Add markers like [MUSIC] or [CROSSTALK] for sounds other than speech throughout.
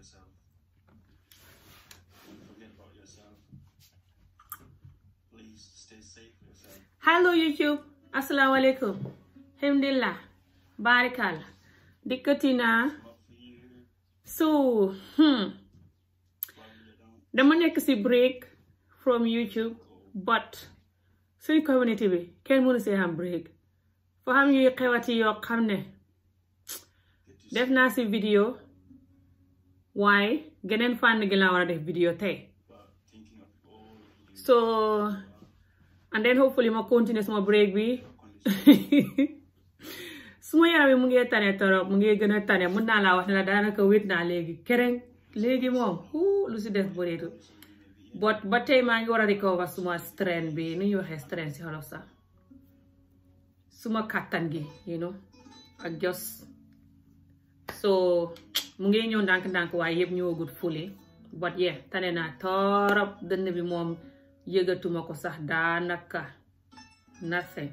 yourself. Don't forget about yourself. Please stay safe yourself. Hello YouTube. Assalamu alaikum. Alhamdulillah. Barikal. Dikatina. So, hmm. dama nekk ci break from YouTube but suñ community bi kenn mënu see am break foo xam yuy xewati yoo xam ne def naa ci vidéo waaye geneen fànn gi laa war a def vidéo tey so and then hopefully ma continuer suma break bi [LAUGHS] suma yaram yi mu ngi tane torop mu ngi gën a tane mun naa laa wax ne la daanaka wét naa léegi kereng léegi moom lu si def bëreetu but ba tey maa ngi war a recover suma strain bi nu ñuy waxee strain si xolof sax suma kàttan gi you know ak jos so mu nge ñëw ndànk-ndànk waaye yëpp ñëwagut fulli but yeah tane naa torop dënn bi moom yëgatuma ko sax daa daanaka nase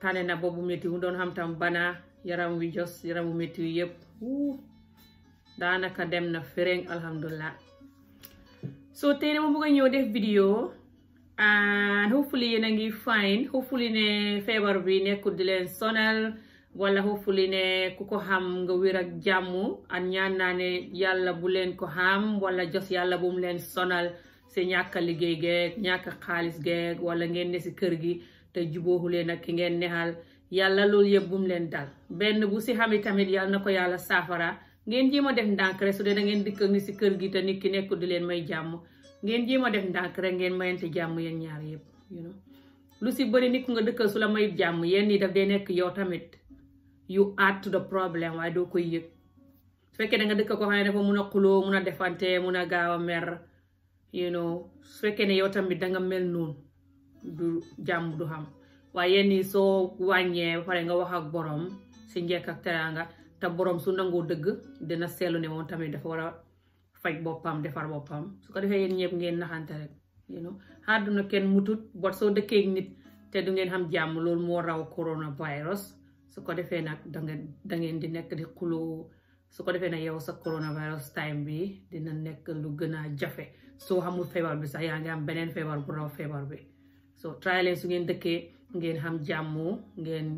tane na boobu métti wu doon xam tam bana yaram wi jos yaram wu métti wi yëpp wuu daanaka dem na fereng alhamdulilah so tey na ma ñëw def vidéo and hopefully yéen a ngi fine hopefully ne feebar bi nekkul di leen wala hopefully ne ku ko xam nga wér ak jàmm ak ñaan naa ne yàlla bu leen ko xam wala jos yàlla bu mu leen sonal si ñàkk liggéey geeg ñàkk xaalis geeg wala ngeen ne si kër gi te jubóoxu leen ak ki ngeen neexal yàlla loolu yëpp bu mu leen dal benn bu si xami tamit yàlla na ko yàlla saafara ngeen jéem a def ndànk su da ngeen dikk ni si kër gi te nit ki nekku di leen may jàmm ngeen jéem a def ndànk rek ngeen mayante jàmm yéen ñaar yëpp you lu si bëri nit nga dëkkal su la may jàmm yéen ñi dee nekk yow tamit you add to the problem waaye doo koy yëg su fekkee nga dëkk ko xam ne dafa mun a xuloo mun a defante mun a gaaw a mer you know su fekkee ne yow tamit da nga mel noonu du jàmm du xam waaye yenn soo wàññee ba nga wax ak borom si njekk ak teraanga te boroom su nango dëgg dina seetlu ne tamit dafa wara a faj boppam defar boppam su ko defee yéen ñëpp ngeen naxante rek you know àdduna kenn mutut bot soo dëkkee nit te du ngeen xam jàmm loolu moo raw coronavirus su ko defee nag danga da ngeen di nekk di kulo su ko defee na yow sa coronavirus time bi dina nekk lu gën a jafe soo xamul feebar bi sax yaa ngi am beneen feebar bu raw feebar bi soo try leen su ngeen dëkkee ngeen xam jàmm ngeen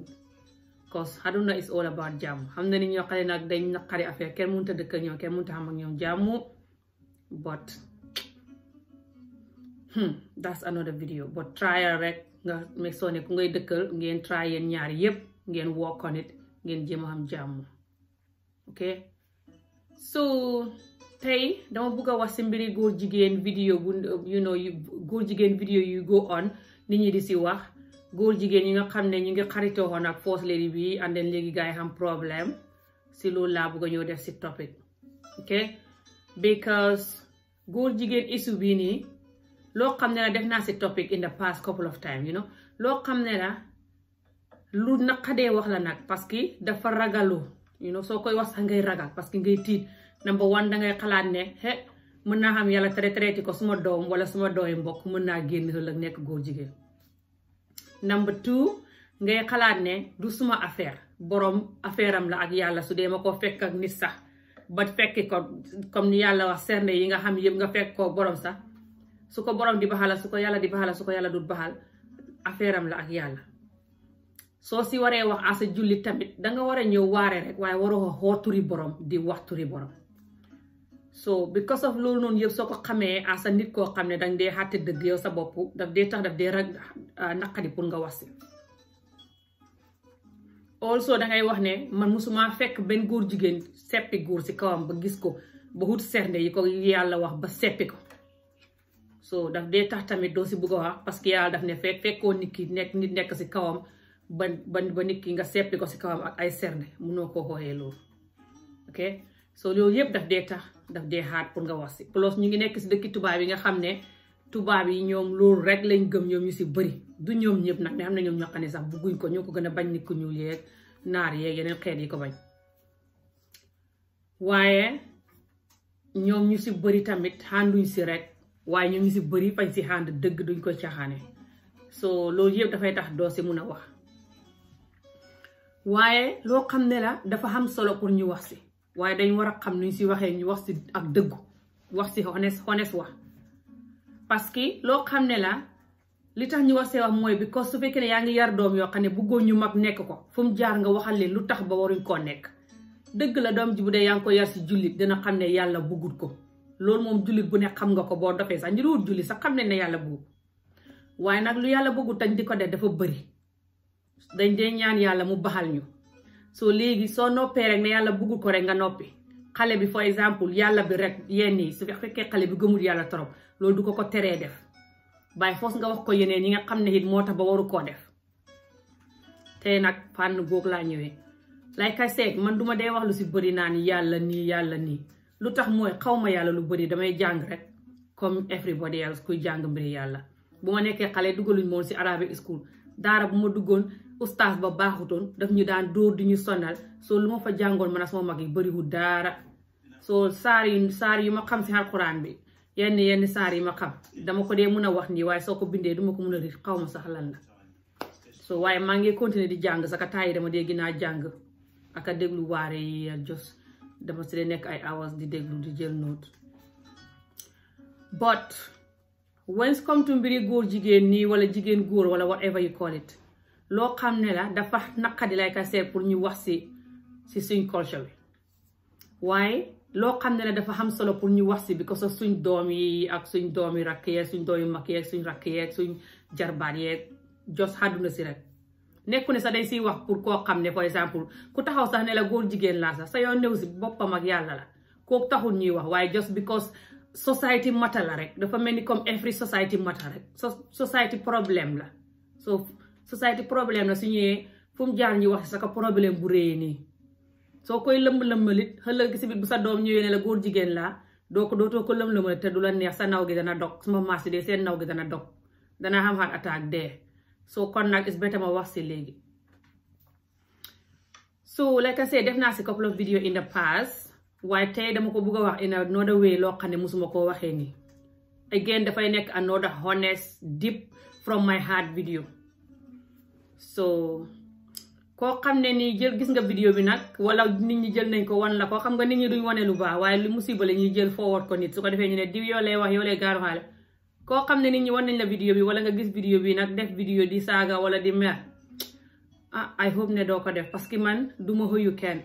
cause aduna is all about jàmm xam na ni ñoo xam ne nag dañ naqari affaire kenn mun ta dëkk ñoom kenn mun a xam ak ñoom jàmm but hmm, that's another video but try rek nga make soo ne ku ngay dëkkal ngeen try yeen ñaar yépp ngeen work ngeen jéem a am jàmm ok so tey dama bëgg wax si mbiri góor jigéen vidéo you góor jigéen vidéo yu go on nit ñi di si wax góor jigéen ñi nga xam ne ñi nga xaritoo woon ak first lady bi and then léegi gaa yi am problème si loolu laa bëgg a ñëw def si topic ok because góor jigéen issue bi nii loo xam ne la def naa si topic in the past couple of time loo xam ne la lu naqadee wax la nag parce que dafa ragaloo you know soo koy wax sax ngay ragal parce que ngay tiit number one dangay xalaat ne he mën naa xam yalla traité ko suma doom wala suma dooy mbokk mën naa génn ëllëg nekk goo jigéen number two ngay xalaat ne du suma affaire borom affaire am la ak yàlla su dee ma ko ak nit ba fekki ko comme ni yàlla wax serne yi nga xam yëpp nga fekk ko borom sax su borom di baxala su ko yàlla di baxala su ko yàlla dul baxal affaire am la ak yàlla soo si waree wax asa julli tamit danga war a ñëw waare rek waaye waroo xool turi borom di wax turi borom so because of loolu noonu yëpp soo ko xamee asa nit koo xam ne danga dee xàtte dëgg yow sa bopp daf dee tax daf dee rag ah, naqadi pour nga wax si also dangay wax ne man musuma fekk benn góor jigéen seppi góor si kawam ba gis ko ba xut yi ko yàlla wax ba seppi ko so daf dee tax tamit doo si bugg a wax parce que yàlla daf ne fekk fekkoo nit nekk nit nekk si kawam ba ba ba nit ki nga seppi ko si kawam ak ay serne mënoo koo xooxee loolu ok so loolu yëpp daf dee tax daf dee pour nga wax si plus ñu ngi nekk si dëkki tubaab yi nga xam ne tubaab yi ñoom loolu rek lañ gëm ñoom ñu si bëri du ñoom ñëpp nag ne xam ne ñoom ñoo sax bugguñ ko ñoo ko gën a bañ nit ku ñuul yeeg naar yeeg yeneen xeet yi ko bañ waaye ñoom ñu si tamit xànduñ si rek waaye ñoom ñu si bëri si xànd dëgg duñ ko caaxaane so loolu yëpp dafay tax doo si mun a wax waaye loo xam ne la dafa am solo pour ñu wax si waaye dañ war a xam nuñ si waxee ñu wax si ak dëggu wax si honnête honnête wax parce que loo xam ne la li tax ñu wax see wax mooy because su fekkee ne yaa ngi yar doom yoo xam ne buggoon ñu mag nekk ko fu mu jaar nga waxal leen lu tax ba waruñ koo nekk dëgg la doom ji bu dee yaa ngi ko yar si jullit dina xam ne yàlla bëggut ko loolu moom jullit bu ne xam nga ko boo dofee sax ñu wut jullit sax xam ne ne yàlla bëggut waaye nag lu yàlla bëggut tañ di ko dafa bëri dañ dee ñaan yàlla mu baxal ñu soo léegi soo noppee rek ne yàlla buggul ko rek nga noppi xale bi for exemple yàlla bi rek yenn yi su fekkee xale bi gëmul yàlla trop loolu du ko ko teree def bàyyi foos nga wax ko yeneen yi nga xam ne it moo tax ba waru koo def te nag fànn goog laa ñëwee like I said man duma dee wax lu si bëri naan yàlla nii yàlla nii lu tax mooy xaw ma yàlla lu bëri damay jàng rek comme everybody else kuy jàng mbiri yàlla bu ma nekkee ustaas ba baaxutoon daf ñu daan dóor di ñu sonal soo lu ma fa jàngoon man sama mag yi bëriwul daara soo saar yu saar yu ma xam si alxuraan bi yenn yenn saar yi ma xam dama ko dee mën a wax nii waaye soo ko bindee duma ko mën a rir xaw ma sax lan la soo waaye maa ngi continuer di jàng saka taay yi dama dee gën jàng ak a déglu waare yi jos dama si dee nekk ay hours di déglu di jël note but when come to mbiri góor jigéen nii wala jigéen góor wala whatever you call it loo xam ne la dafa naqadi lay ka seet pour ñu wax si si suñ culture bi waaye loo xam ne la dafa xam solo pour ñu wax si because of suñ doom yi ak suñ doom yi rakk suñ doom yi mag suñ rakk yeeg suñ jarbaat yeeg jos àdduna si rek nekku ne sax dañ siy wax pour koo xam ne par exemple ku taxaw sax la góor jigéen laa sa yoon néew si boppam ak yàlla la kooku taxul ñuy wax waaye just because society matter la rek dafa mel ni comme every society matter rek society problème la so société problème na su ñëwee fu mu jaar ñu wax sa ko problème bu réyee nii soo koy lëmb-lëmbalit xëllëg si bit bu sa doom ñëwee ne la góor jigéen laa doo ko dootoo ko lëm-lëmbalit te du la neex sa naw gi dana dog suma marché dee seen naw gi dana dog dana xam xaat attaque soo kon nag is ma wax si léegi so like def naa si couple of video in the past waaye tey dama ko bugg a wax in another way loo xam ne musuma koo waxee nii again dafay nekk another honest deep from my heart video so koo xam ne ni jël gis nga vidéo bi nag wala nit ñi jël nañ ko wan la koo xam nga nit ñi duñ wane lu baax waaye lu mu la ñuy jël forward ko nit su ko defee ñu ne diw yoo lay wax yoo lay gaaru xaale koo xam ne nit ñi wan nañ la vidéo bi wala nga gis vidéo bi nag def vidéo di saaga wala di mer ah I hope ne doo ko def parce que man du ma xëyu kenn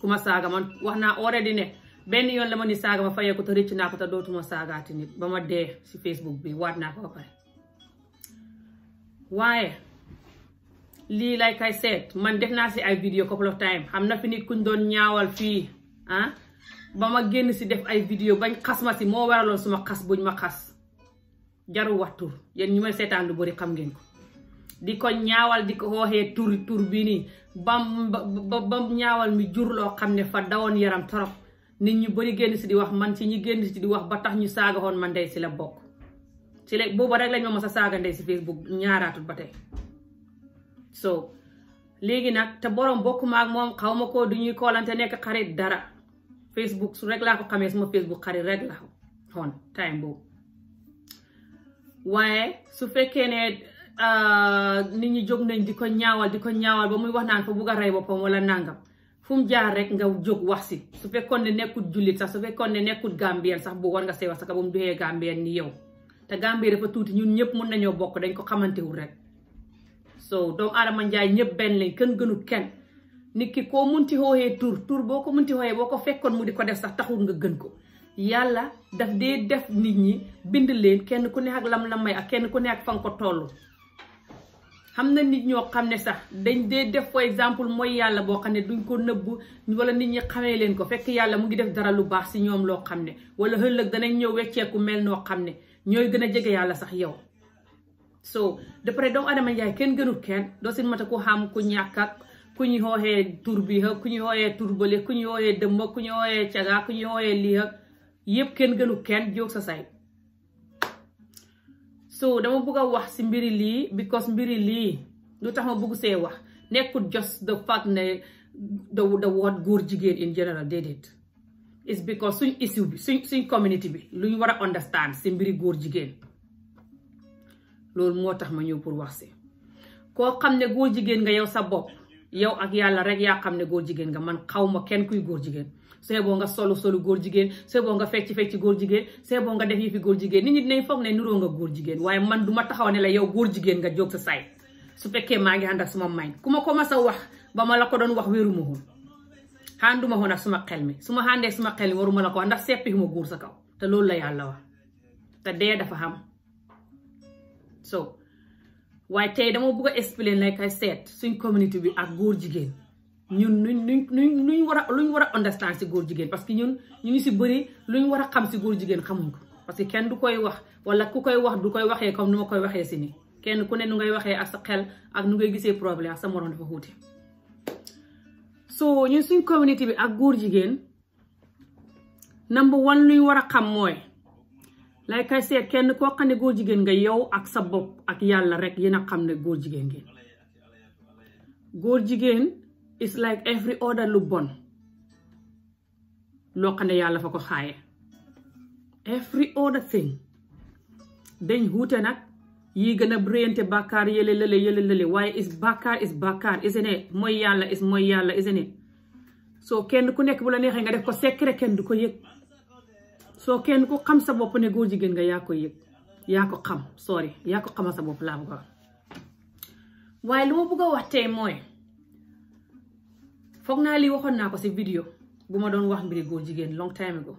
ku ma saaga man wax naa already ne benn yoon la ma ni saaga ma fayee ko te rëcc naa ko te dootuma saagaati nit ba ma dee si Facebook bi waat naa ko ba pare waaye lii like I said man def naa si ay vidéo couple of time xam na fi nit kuñ doon ñaawal fii ah ba ma génn si def ay vidéo bañ xas ma si moo waraloon suma xas buñ ma xas jaru wax tur yéen ñu may seetaan lu bëri xam ngeen ko di ko ñaawal di ko xooxee tur tur bii nii bam ñaawal mi jur loo xam ne fa dawoon yaram torop nit ñu bëri génn si di wax man si ñu génn si di wax ba tax ñu saaga saagaxoon man ndey si la bokk si la booba rek lañ ma mos a saaga ndey si Facebook ñaaraatul ba tey so léegi nag te borom bokkuma ak moom xaw ma ko du ñuy koolante nekk xarit dara Facebook su rek laa ko xamee suma Facebook xarit rek la xoon time boobu waaye su fekkee ne ah, ni ñi jóg nañ di ko ñaawal di ko ñaawal ba muy wax naan fa bugg a rey boppam wala nangam fu mu jaar rek nga jóg wax si su fekkoon ne nekkut jullit sax su fekkoon ne nekkut gambien sax bu war nga see wax sax ba mu joxee gambien ni yow te gambien dafa tuuti ñun ñëpp mun nañoo bokk dañ ko xamantewul rek. so doomu aadama njaay ñëpp benn lañ kenn gënu kenn nit ki koo munti xooxee tur tur boo ko mun munti xooxee boo ko fekkoon mu di ko def sax taxul nga gën ko yàlla daf dee def nit ñi bind leen kenn ku nekk ak lam la may ak kenn ku nekk ak fan ko toll xam na nit ñoo xam ne sax dañ dee def for exemple mooy yàlla boo xam ne duñ ko nëbbu wala nit ñi xamee leen ko fekk yàlla mu ngi def dara lu baax si ñoom loo xam ne wala ëllëg danañ ñëw wecceeku mel noo xam ne ñooy gën a jege yàlla sax yow so d'après doomu adama njaay kenn gënul kenn doo si mata ku xam ku ñàkk ku ñu xooxee tur bi ak ku ñu xooxee tur bële ku ñu xooxee dëmb ku ñu xooxee caga ku ñu xooxee lii yëpp kenn gënul kenn jóg sa say so dama bëgg a wax si mbiri lii because mbiri lii lu tax ma bëgg see wax nekkul just the fact ne the the góor jigéen in general déedéet it's because suñ issue bi suñ suñ community bi lu ñu war a understand si mbiri góor jigéen loolu moo tax ma ñëw pour wax si koo xam ne góor jigéen nga yow sa bopp yow ak yàlla rek yaa xam ne góor jigéen nga man xaw ma kenn kuy góor jigéen sooy boo nga solu solu góor jigéen sooy boo nga fecc góor jigéen sooy nga def yëfi góor jigéen nit ñi dinañ foog ne nuroo nga góor jigéen waaye man du ma taxaw ne la yow góor jigéen nga jóg sa saay su fekkee maa ngi ànd ak suma mayn ku ma ko mas a wax ba ma la ko doon wax wéeru ma woon xaanduma woon ak suma xel mi su ma xaandee suma xel mi waruma la ko wax ndax seppi ma góor sa kaw te loolu la yàlla wax te dee so waaye tey dama bëgg a explain like I said suñ community bi ak góor jigéen ñun nuñ nuñ nuñ nuñ war a luñ war a understand si góor jigéen parce que ñun ñu ngi si bëri luñ war a xam si góor jigéen xamuñ ko parce que kenn du koy wax wala ku koy wax du koy waxee comme nu ma koy waxee si ni kenn ku ne nu ngay waxee ak sa xel ak nu ngay gisee problème ak sa morom dafa xuute so ñun suñ community bi ak góor jigéen number one luñ war a xam mooy lay kay seet kenn ko xam ne jigéen nga yow ak sa bopp ak yàlla rek yéen a xam ne góor jigéen ngeen góor jigéen is like every order lu bon loo xam ne yàlla fa ko xaaye every other thing dañ xuute nag yi gën a réyante bàkkaar yële lële yële waaye is bàkkaar is bàkkaar isn't it mooy yàlla is mooy yàlla isn't it soo kenn ku nekk bu la neexee nga def ko secret kenn du ko yëg soo kenn ku xam sa bopp ne góor jigéen nga yaa ko yëg yaa xam sorry yaa ko sa bopp laa bëgg waaye lu ma bëgg a wax tey mooy foog naa lii waxoon naa ko si vidéo bu ma doon wax mbiri góor jigéen long time ago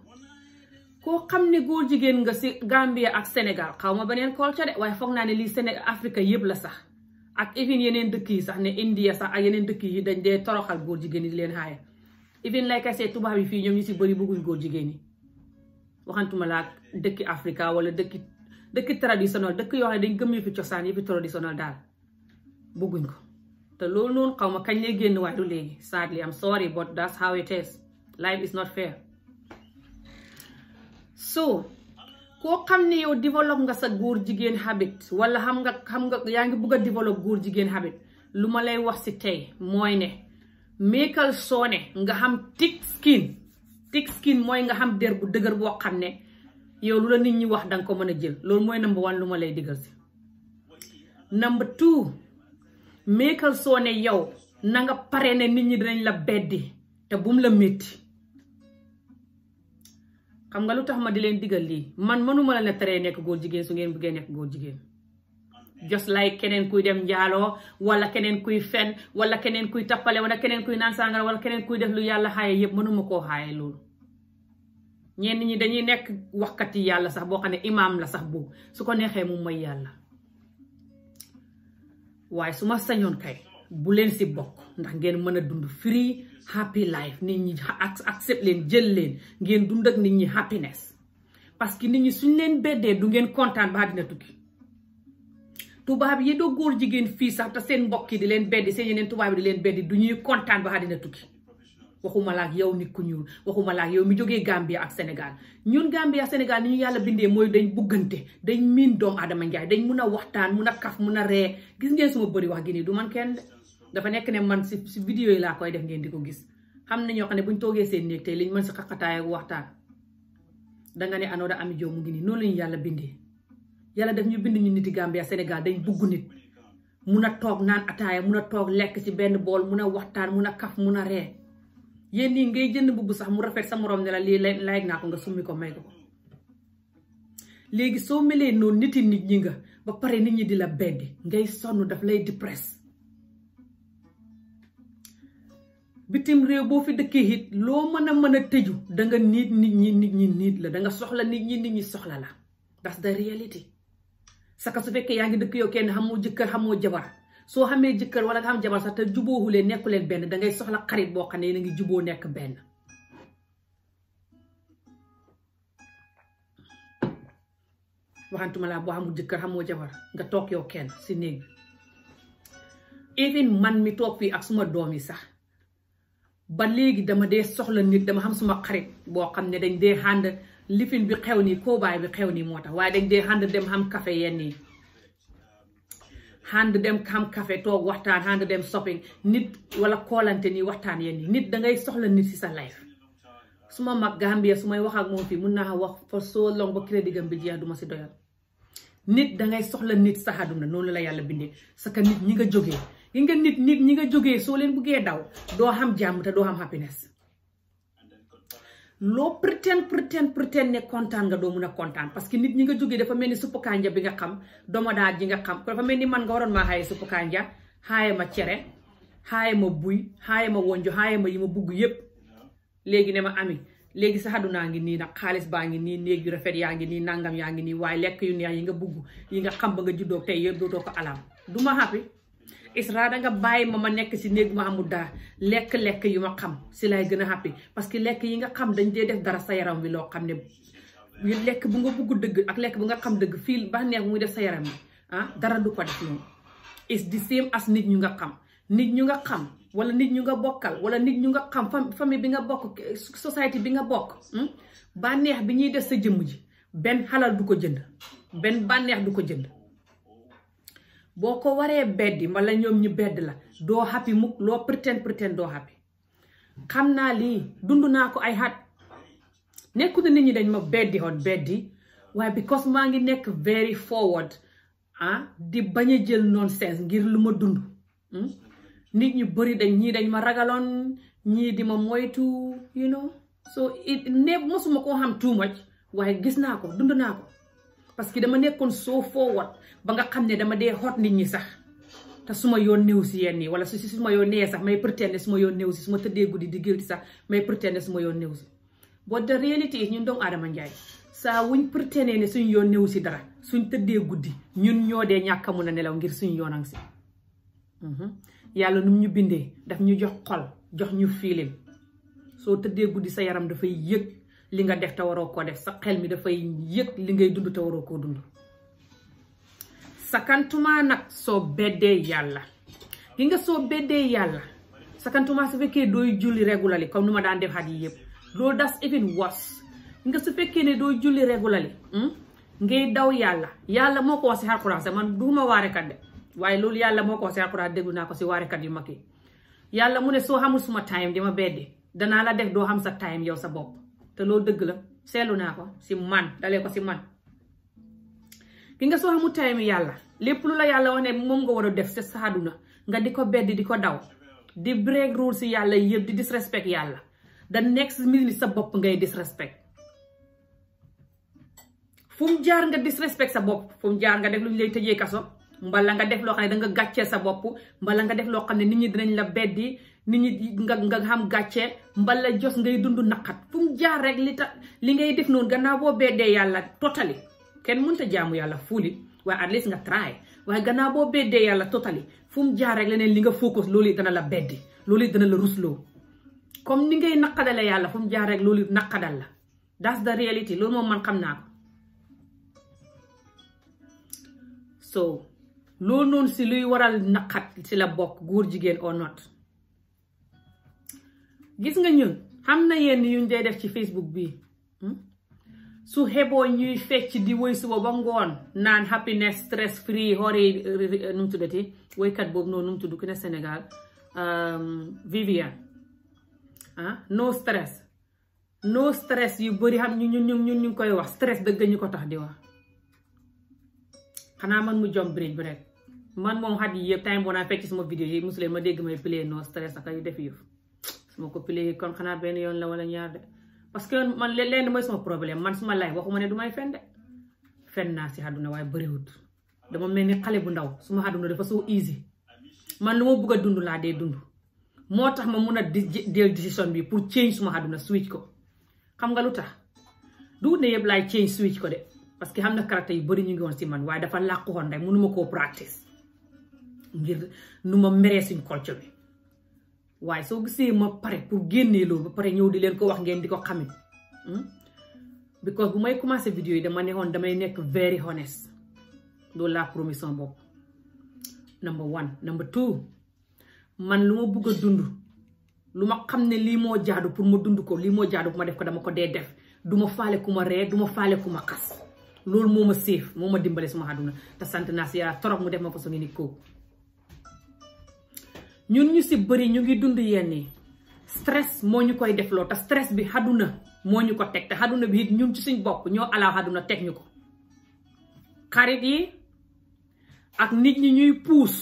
koo xam ne góor jigéen nga si Gambia ak Sénégal xaw ma beneen culture de waaye foog naa ne lii Sénégal Afrique yëpp la sax ak even yeneen dëkk yi sax ne India sax ak yeneen dëkk yi dañ dee toroxal góor jigéen yi leen xaaye even like I tubaab yi fii ñoom ñu si bëri bëgguñ góor jigéen yi waxantuma laa dëkki Afrika wala dëkki dëkki traditionnel dëkk yoo xam ne dañ gëm yi fi cosaan yi fi traditionnel daal bëgguñ ko te loolu noonu xaw ma kañ lay génn waaye du léegi sadly I'm sorry but that's how it is life is not fair so koo xam ne yow développe nga sa góor jigéen habit wala xam nga xam nga yaa ngi bëgg a góor jigéen habit lu ma lay wax si tey mooy ne meekal soone nga xam thick skin thick skin mooy nga xam der bu dëgër boo xam ne yow lu la nit ñi wax danga ko mën a jël loolu mooy number one lu ma lay digal si number two meekal soo ne yow na nga pare ne nit ñi dinañ la beddi te bum la métti xam nga lu tax ma di leen digal lii man mënuma la ne teree nekk góor jigéen su ngeen bëggee nekk góor jigéen just like keneen kuy dem njaaloo wala keneen kuy fen wala keneen kuy tappale wala keneen kuy naan sàngara wala keneen kuy def lu yàlla xaaye yëpp mënuma koo xaaye loolu ñenn ñi dañuy nekk waxkati yàlla sax boo xam ne imaam la sax boobu su ko neexee mu may yàlla waaye su ma sañoon kay bu leen si bokk ndax ngeen mën a dund free happy life nit ñi accept leen jël leen ngeen dund ak nit ñi happiness parce que nit ñi suñ leen beddee du ngeen kontaan ba dina tukki tubaab yi doo góor jigéen fii sax te seen mbokk yi di leen beddi seen yeneen tubaab yi di leen beddi du ñuy kontaan ba àddina tukki waxuma la ak yow nit ku ñuul waxuma la ak yow mi jógee Gambia ak Sénégal ñun Gambia ak Sénégal ni ñu yàlla bindee mooy dañ buggante dañ miin doomu aadama njaay dañ mun a waxtaan mun a kaf mun a ree gis ngeen suma bëri wax gi du man kenn dafa nekk ne man si si vidéo yi laa koy def ngeen di ko gis xam na ñoo xam ne buñ toogee seen néeg tey liñ mën si xaqataay ak waxtaan danga ne anooda ami joo mu ngi nii noonu lañu ñu yàlla bindee yàlla def ñu bind ñu niti Gambia Sénégal dañ bugg nit mun a toog naan ataaya mun a toog lekk ci benn bool mun a waxtaan mun a kaf mun a ree yéen nii ngay jënd mbubb sax mu rafet sa morom ne la lii laaj naa ko nga summi ko may ko léegi soo melee noonu niti nit ñi nga ba pare nit ñi di la beddi ngay sonn daf lay depress bitim réew boo fi dëkkee it loo mën a mën a tëju danga nga nit ñi nit ñi niit la danga soxla nit ñi nit ñi soxla la that's the reality saka su fekkee yaa ngi dëkk yoo kenn xamoo jëkkër xamoo jabar soo xamee jëkkër wala nga xam jabar sax te jubóowu leen nekku leen benn dangay soxla xarit boo xam a ngi juboo nekk benn waxantuma laa boo xamul jëkkër xamoo jabar nga toog yow kenn si néeg even man mi toog fii ak suma doom yi sax ba léegi dama dee soxla nit dama xam suma xarit boo xam ne dañ dee ànd lifin bi xew nii koobaay bi xew nii moo tax waaye dañ dee dem xam café yenn yi xànd dem xam kafe toog waxtaan xànd dem shopping nit wala koolante nii waxtaan yenn yi nit dangay soxla nit si sa life su ma mag Gambia su may wax ak moom fii naa wax for so long ba bi jeex duma si doyal nit dangay soxla nit sa àdduna noonu la yàlla bindee sa ka nit ñi nga jógee gi nga nit nit ñi nga jógee soo leen buggee daw doo xam jàmm te doo xam happiness loo pretend pretend pretend ne kontaan nga doo mun a parce que nit ñi nga jógee dafa mel ni suppu kanja bi nga xam domodaa ji nga xam ko dafa mel ni man nga waroon maa xaaye suppu kanja xaaye ma cere xaaye ma buy xaaye ma wonjo xaaye ma yi ma bugg yépp léegi ne ma ami léegi sa àddunaa ngi nii nag xaalis baa ngi nii néeg yu rafet yaa ngi nii nangam yaa ngi nii waaye lekk yu neex yi nga bugg yi nga xam ba nga juddoo tey yëpp dootoo ko alam du ma Isra nga bàyyi ma ma nekk ci néeg ma daa lekk-lekk yu ma xam si lay gën a happy parce que lekk yi nga xam dañ dee def dara sa yaram wi loo xam ne lekk bu nga bugg dëgg ak lekk bu nga xam dëgg fii ba neex muy def sa yaram ah dara du ko def noonu is as nit ñu nga xam nit ñu nga xam wala nit ñu nga bokkal wala nit ñu nga xam famille bi nga bokk société bi nga bokk hmm? bi ñuy def sa jëmm ji benn xalal du ko jënd benn bànneex du ko jënd boo ko waree beddi wala ñoom ñu bedd la doo happy mukk loo pretend pretend doo happy xam naa lii dund naa ko ay xat nekku na nit ñi dañ ma beddi hot beddi waaye because maa ngi nekk very forward ah, di bañ a jël nonsense ngir lu ma dund hmm? nit ñi bari dañ ñii dañ ma ragaloon ñii di ma moytu you know so ne mosuma koo xam too much waaye gis naa ko dund naa ko parce que dama nekkoon soo foo wat ba nga xam ne dama dee xot nit ñi sax te su ma yoon néew si yenn yi wala su su ma yoon nee sax may prétendre su ma yoon néew si su tëddee guddi di géwti sax may prétendre su ma yoon néew si boo de réalité ñun doomu aadama njaay saa wuñ prétendre ne suñ yoon néew si dara suñ tëddee guddi ñun ñoo dee ñàkk a mun a nelaw ngir suñ yoonang si mhm. yàlla nu ñu bindee daf ñu jox xol jox ñu filim soo tëddee guddi sa yaram dafay yëg li nga def ta waroo koo def sa xel mi dafay yëg li ngay dudd te waroo koo dund sakantuma nag soo beddee yàlla gi nga soo beddee yàlla sakantuma su fekkee dooy julli regularly comme nu ma daan def at yi yëpp loolu das even worse nga su fekkee ne doo julli regularly hmm, ngay daw yàlla yàlla moo ko wax si alxuraan sax man duuma waarekat de waaye loolu yàlla moo ko wax si alxuraan déglu naa ko si waarekat yu mag yi yàlla mu ne soo xamul suma time dama bedde danaa la def doo xam sa time yow sa bopp te loolu dëgg la seetlu naa ko si man dalee ko ci man ki nga soo xamu taymi yàlla lépp lu la yàlla wax ne moom nga war a def sa saaduna nga di ko beddi di ko daw di break rule si yàlla yëpp di disrespect yàlla da next minute sa bopp ngay disrespect fu mu jaar nga disrespect sa bopp fu mu jaar nga def lu ñu lay tëjee kaso mbala nga def loo xam ne danga gàcceel sa bopp mbala nga def loo xam ne nit ñi dinañ la beddi nit ñi nga nga xam gàcce mbala jos ngay dund naqat fu mu jaar rek li tax li ngay def noonu gannaaw boo beddee yàlla totali kenn mënta jaamu yàlla fuuli waaye at least nga try waaye gannaaw boo beddee yàlla totali fu mu jaar rek leneen li nga focus loolu dana la beddi loolu dana la rusloo comme ni ngay naqadale yàlla fu mu jaar rek loolu naqadal la that's the reality loolu moom man xam naa ko so loolu noonu si luy waral naqat si la bokk góor jigéen or not gis nga ñun xam na yenn yuñ dee def ci Facebook bi hmm? su xeboo ñuy fecc di woy suba ba ngoon naan happiness stress free hori nu mu tuddati woykat boobu noonu nu mu tudd ki ne Sénégal um, Vivian ah no stress no stress yu bari xam ñu ñun ñu ñun ñu ngi koy wax stress dëgg ñu ko tax di wax xanaa man mu jom bridge bi rek man moom xat yi yëpp time boo naa fecc suma vidéo yi mosu ma dégg may play no stress ak yu def yëf moo ko pile kon xanaa benn yoon la wala ñaar de parce que man lenn mooy sama problème man suma lay waxuma ne du may fen de fen naa si àdduna waaye bëriwut dama mel ni xale bu ndaw suma àdduna dafa soo easy man lu ma bugg a dundu laa dee dund moo tax ma mun a jël décision bi pour change suma àdduna switch ko xam nga lu tax du ne yëpp laay change switch ko de parce que xam na caractère yu bëri ñu ngi woon si man waaye dafa làqu woon rek mënuma koo practice ngir nu ma waaye soo gisee ma pare pour génnee loolu ba pare ñëw di leen ko wax ngeen di ko xamit hmm? because bu may commencé vidéo yi dama ne woon damay nekk very honest loolu laa promission bopp number one number two man lu ma bugg a dund lu ma xam ne lii moo jaadu pour ma dund ko lii moo jaadu ma def ko dama ko dee def du ma faale ku ma ree du ma faale ku ma xas loolu moo ma séef moo ma dimbale suma àdduna te sant naa si yàlla mu def ma façon ni kooku ñun ñu si bëri ñu ngi dund yenn yi stress moo ñu koy defloo te stress bi xaduna moo ñu ko teg te xaduna bi ñun ci suñ bopp ñoo alaa xaduna teg ñu ko xarit yi ak nit ñi ñuy puus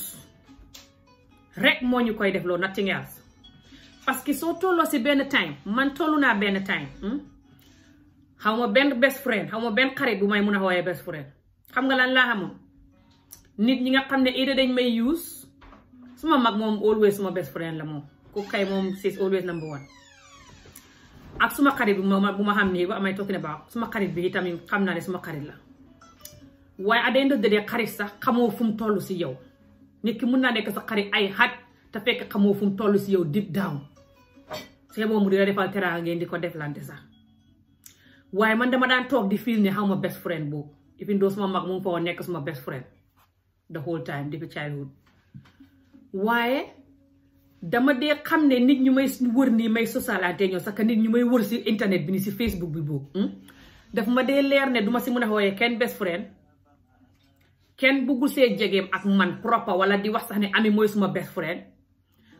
rek moo ñu koy defloo nothing else parce que soo tolloo si benn time man tollu naa benn time hmm? xaw ma benn best friend xaw ma benn xarit bu may mun a wooyee best friend xam nga lan laa xamoon nit ñi nga xam ne ida dañ may use suma mag moom always suma best friend la moom ko kay moom c'est always number one ak suma xarit bi ma bu ma xam ne ba amay tokki ne suma xarit bi itamit xam naa suma xarit la waaye at the end xamoo fu mu toll si yow nit ki naa nekk sa xarit ay xat te fekk xamoo fu mu toll si yow deep down see boobu di ko deflante sax waaye man dama daan toog di film ne xaw ma best friend boobu even though suma mag nekk suma best friend the whole time depuis childhood waaye dama dee xam ne nit ñu may wër nii may sosalaate ñoo sax nit ñu may wër si internet bi nii si Facebook bi boobu hmm? daf ma dee leer ne duma si mën a wooyee kenn best friend kenn buggu see jegeem as man proper wala di wax sax ne ami mooy suma best friend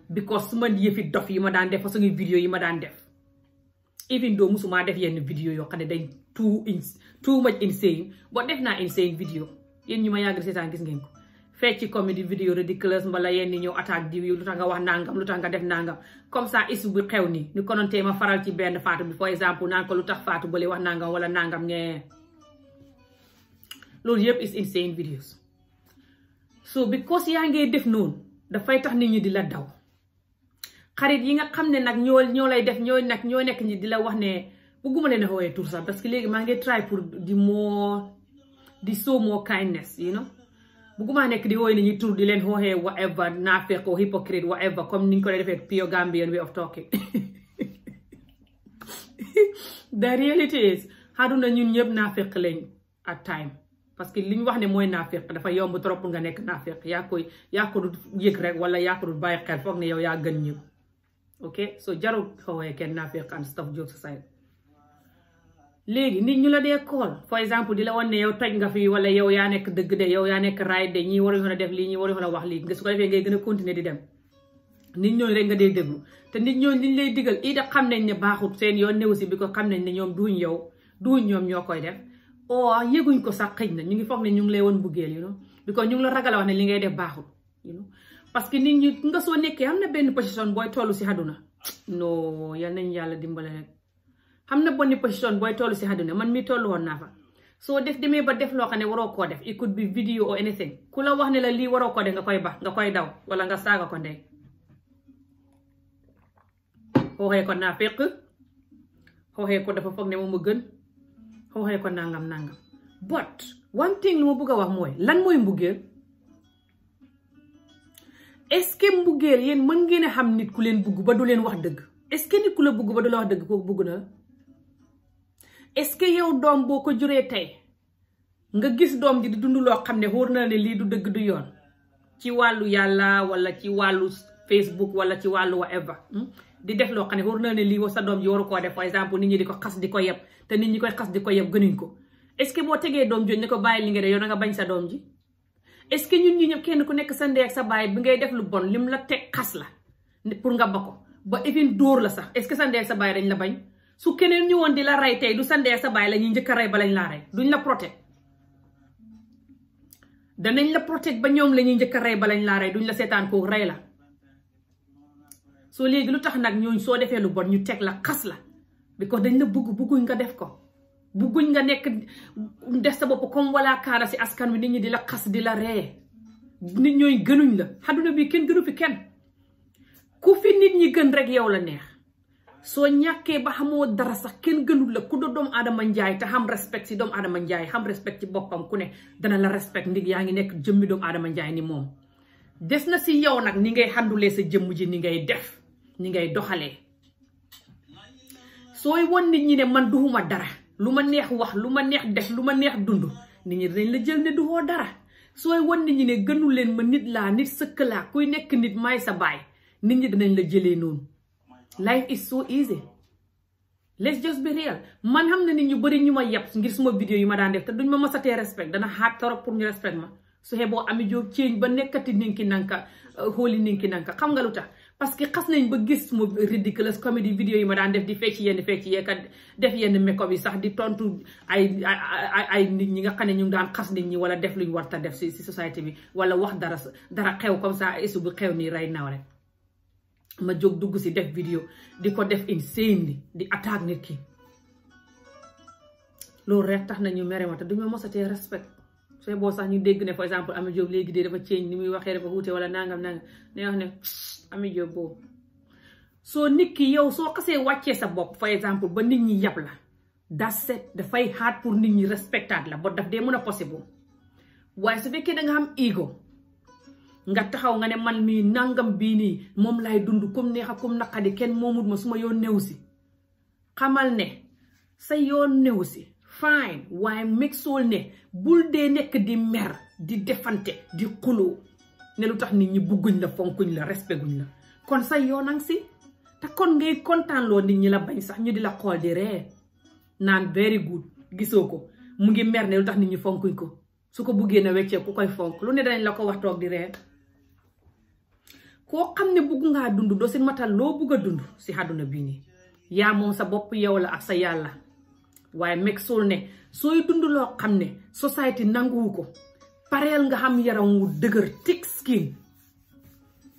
because suma yëfi dof yi ma daan def fa suñu vidéo yi ma daan def even though musuma def yenn vidéo yoo xam ne dañ too in too much insane boo def naa insane vidéo yéen ñu ma yàgg seetaan gis ngeen ko fecci comédie vidéo ridiculous mbala yenn ñëw attaque diw yi lu tax nga wax nangam lu tax nga def nangam comme ça isu bu xew ni ni konoon tee ma faral ci benn faatu bi par exemple naan lu tax faatu bële wax nangam wala nangam ngee loolu yëpp is insane videos so because yaa ngee def noonu dafay tax nit ñi di la daw xarit yi nga xam ne nag ñoo ñoo lay def ñoo nag ñoo nekk ñi di la wax ne bugguma leen a xooyee tur sax parce que léegi maa ngi try pour di moo di soo moo bugguma nekk di wooy ni ñuy tur di leen xooxee whatever naafeq or hypocrite whatever comme niñ ko dee defee pure Gambian way of talking [LAUGHS] the reality is na ñun ñëpp naafeq leen at time parce que liñ wax ne mooy naafeq dafa yomb trop nga nekk naafeq yaa koy yaa ko du yëg rek wala yaa ko du bàyyi xel foog ne yow yaa gën ñëw ok so jarul xawee kenn naafeq and stuff jokes aside léegi nit ñu la dee kool for di la wan yow toj nga fi wala yow yaa nekk dëgg de yow yaa nekk raay de ñii waruñu a def lii ñii waruñu wax lii nga su ko defee di dem nit ñooñu rek nga dee déglu te nit ñooñu liñ lay digal ida xam nañ ne baaxut seen yoon néew si bi ko xam nañ ne ñoom duñ yow duñ ñoom ñoo koy def o yëguñ ko sax xëj na ñu ngi foog ne ñu ngi lay woon buggeel you know because ñu ngi la ragal ne li ngay def baaxut parce que nit ñi nga soo nekkee am na benn position booy tollu si àdduna noo yal nañ yàlla dimbale rek xam na bonni position booy toll si àdduna man mi toll woon naa soo def demee ba def loo xam ne waroo koo def it could be video or anything ku la wax ne la lii waroo koo def nga koy ba nga koy daw wala nga saaga ko ndey xooxee ko naa fekk xooxee ko dafa foog ne moom mu gën xooxee ko nangam nangam but one thing lu ma bëgg a wax mooy lan mooy mbugeel est-ce que mbugeel yen man ngeen xam nit ku leen bugg ba du leen wax dëgg est-ce que nit ku la bugg ba du la wax dëgg kooku bugg est-ce que yow doom boo ko juree tey nga gis doom ji di dund loo xam ne wóor na ne lii du dëgg du yoon ci wàllu yàlla wala ci wàllu Facebook wala ci wàllu whatever hmm? di def loo xam ne wóor na ne lii sa doom ji waru koo def par exemple nit ñi di ko xas di ko yeb te nit ñi koy xas di ko yeb gënuñ ko est-ce que boo tegee doom jooju ne ko bàyyi li nga def yow nga bañ sa doom ji est-ce que ñun ñi ñëpp kenn ku nekk sa ndee ak sa baay bi ngay def lu bon lim la teg xas la pour nga ba ko ba even dóor la sax est-ce que sa ndey sa baay dañ la bañ. su keneen woon di la rey tey du sa ndey sa baay la ñuy njëkk rey ba lañ laa rey duñ la protect danañ la protect ba ñoom lañuy njëkk rey ba lañ laa rey duñ la seetaan koo rey la soo léegi lu tax nag ñooñ soo defee lu bon ñu teg la xas la because dañ la bugg bugguñ nga def ko bugguñ nga nekk def sa bopp comme wala kaara si askan wi nit ñi di la xas di la ree nit ñooñ gënuñ la xadduna bi kenn gënu fi kenn ku fi nit ñi gën rek yow la neex soo ñàkkee ba xamoo dara sax kenn gënul la ku do doomu aadama njaay te xam respect si doomu aadama njaay xam respect boppam ku ne dana la respect yaa ngi nekk jëmmi doomu aadama njaay ni moom des na si yow nag ni ngay xandulee sa jëmm ji ni ngay def ni ngay doxalee sooy wan ni ñi ne man duxuma dara lu ma neex wax lu ma neex def lu ma neex dund nit dañ la jël ne duxoo dara sooy won nit ñi ne gënul leen ma nit laa nit sëkk laa kuy nekk nit may sa baay nit ñi dinañ la jëlee noonu life is so easy let's just be real man xam na nit ñu bari ñu ma yeb ngir suma vidéo yi ma daan def te duñ ma masatee respect dana xaat torop pour ñu respect ma su xeboo ami jóob ceeñ ba nekkati ninki nanka xooli euh, ninki nanka xam nga lu tax parce que xas nañ ba gis suma ridiculous comedy vidéo yi ma daan def di fecc yenn fecc yeeka def yenn make yi sax di tontu ay ay nit ñi nga xam ne ñu ngi daan xas nit ñi wala def luñ warta def si si société bi wala wax dara dara xew comme ça isu xew nii right now ma jóg dugg si def vidéo di ko def insanely di attaque nit ki loolu rek tax nañu mere ma te duñu mosatee respect su boo sax ñu dégg ne par exemple Amie Jobe léegi dee dafa ceeñ ni muy waxee dafa wuute wala nangam nangam ne wax ne Amie Jobe boobu soo nit ki yow soo kasee wàccee sa bopp par exemple ba nit ñi yab la da set dafay xaat pour nit ñi respectaat la ba daf dee mën a possible waaye su fekkee da nga am nga taxaw nga ne man mii nangam bii nii moom laay dund comme neex ak comme naqadi kenn moomut ma su ma yoon néew si xamal ne sa yoon néew si fine waaye megsool ne bul dee nekk di mer di defante di xuloo ne lu tax nit ñi bugguñ la fonkuñ la respect guñ la kon sa yoonang si te kon ngay kontaan loo nit ñi la bañ sax ñu di la xool di ree naan very good gisoo ko mu ngi mer ne lu tax nit ñi fonkuñ ko su ko buggee na weccee ku koy fonk lu ne danañ la ko wax toog di ree koo xam ne bugg ngaa dund doo si matal loo bugg dund si àdduna bii nii yaa moom sa bopp yow la ak sa yàlla waaye meg suul ne sooy dund loo xam ne société nanguwu ko pareel nga xam yaram wu dëgër thick skin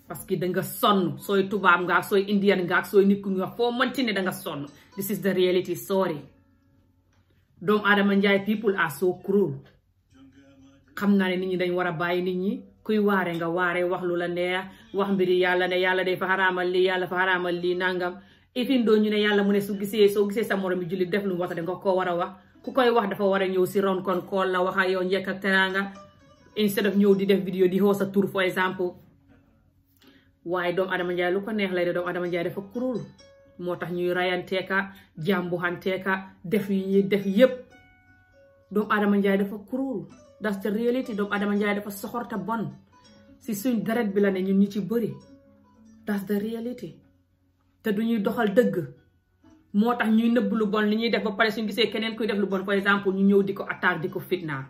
parce que danga sonn sooy tubaab nga ak sooy indian nga ak sooy nit ku nga foo mënti danga sonn this is the reality sorry doomu aadama njaay people are so cruel xam naa ne nit ñi dañ war bàyyi nit ñi kuy waare nga waare wax lu la neex wax mbiri yàlla ne yàlla day fa xaraamal lii yàlla fa xaraamal lii nangam ifindoo ñu ne yàlla mu ne su gisee soo gisee sa morom bi jullit def lu mu wax danga ko war wax ku koy wax dafa war a ñëw si ron kon kool la wax ak yow njëkk ak teraanga instead of ñëw di def vidéo di xoo sa tur for exemple waaye doomu adama njaay lu ko neex lay de doomu adama njaay dafa kurul moo tax ñuy rayanteeka jàmbuxanteeka def yi ñuy def yépp doomu adama njaay dafa kurul that's the reality doomu Adama Njaay dafa soxor te bon si suñ deret bi la ne ñun ñu ci bëri that's the reality te du ñuy doxal dëgg moo tax ñuy nëbb lu bon li ñuy def ba pare suñ gisee keneen kuy def lu bon par exemple ñu ñëw di ko attaque di ko fitnaa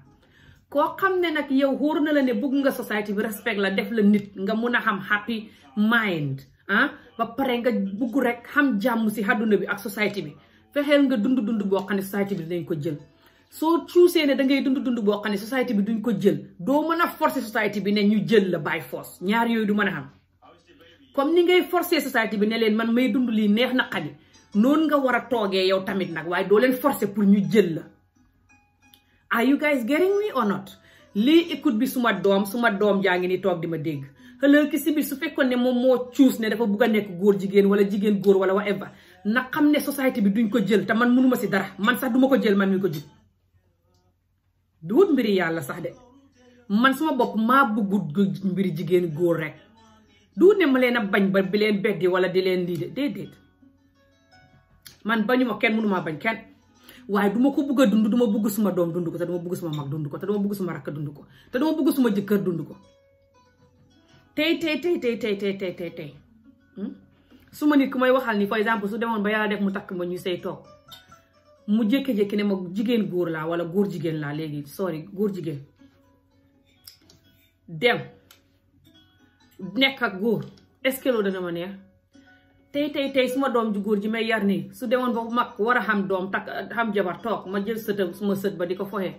koo xam ne nag yow wóor na la ne bëgg nga société bi respect la def la nit nga mun a xam happy mind ah ba pare nga bugg rek xam jàmm si àdduna bi ak société bi fexeel nga dund dund boo xam ne société bi dinañ ko jël. soo cuusee ne da ngay dund dund boo xam ne société bi duñ ko jël doo mën a forcer société bi ne ñu jël la by force ñaar yooyu du mën a xam comme ni ngay forcer société bi ne leen man may dund lii neex na xadi noonu nga war a toogee yow tamit nag waaye doo leen forcer pour ñu jël la are you guys getting me or not bi suma doom suma doom jaa ngi ni toog di ma dégg xëlal ki si su fekkoon ne moom moo cuus ne dafa bugg a góor jigéen wala jigéen góor wala whatever na xam ne société bi duñ ko jël te man mënuma si dara man sax duma ko jël man mi ko jig du wut mbiri yàlla sax de man sama bokk maa bëggut mbiri jigéen góor rek du wut ne ma leen a bañ ba bi leen beddi wala di leen di de déedéet man bañuma kenn mënuma bañ kenn waaye duma ko bëgg a dund duma bëgg suma doom dundu ko te duma bëgg suma mag dund ko te duma bëgg suma rakk dund ko te duma bëgg suma jëkkër dund ko tey te tey te tey tey tey tey tey hmm? suma nit ku may waxal ni par exemple su demoon ba yàlla def mu takk ma ñuy sey toog mu jékki-jékki ne ma jigéen góor laa wala góor jigéen laa léegi sorry góor jigéen dem nekk ak góor est-ce dana ma neex tey tey tey suma doom ju góor ji may yar nii su demoon ba mag war a xam doom takk xam jabar toog ma jël sëtam suma sët ba di ko foxee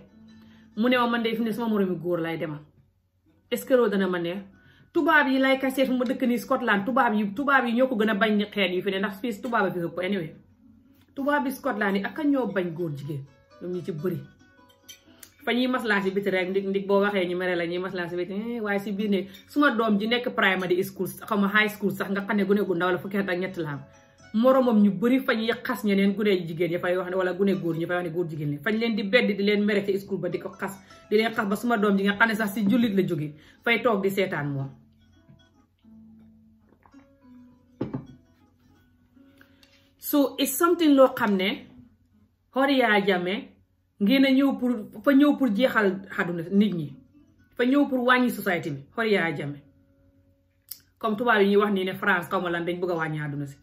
mu ne ma de fi ne suma moroomi góor lay demal est-ce que loolu dana ma neex tubaab yi lay kaseet fu ma dëkk nii Scotland tubaab yi ñoo ko gën a bañ xeet yi fi ne ndax fii tubaab a fi ëpp anyway tubaab bi Scotland yi ak a ñoo bañ góor jigéen ñoom ñu ci bëri fa ñuy maslaa si biti rek ndig ndig boo waxee ñu mere la ñuy maslaa si biti eh, waaye si biir ne suma doom ji nekk primary school xaw ma high school sax nga xam ne gune gu ndaw la fukki ak ñett la am moromam ñu bëri fa ñuy xas ñeneen gune jigéen ñi fay wax ne wala gune góor ñi fay wax jigéen ñi fañ leen di bedd di leen mere ci school ba di ko xas di leen xas ba suma doom ji nga xam ne sax si jullit la jóge fay toog di seetaan moom so it's something loo xam ne Yahya Jammeh ngeen a ñëw pour fa ñëw pour jeexal àdduna nit ñi fa ñëw pour wàññi société bi Yahya jame comme tubaab yi ñuy wax nii ne France xaw ma lan dañ bëgg a wàññi àdduna si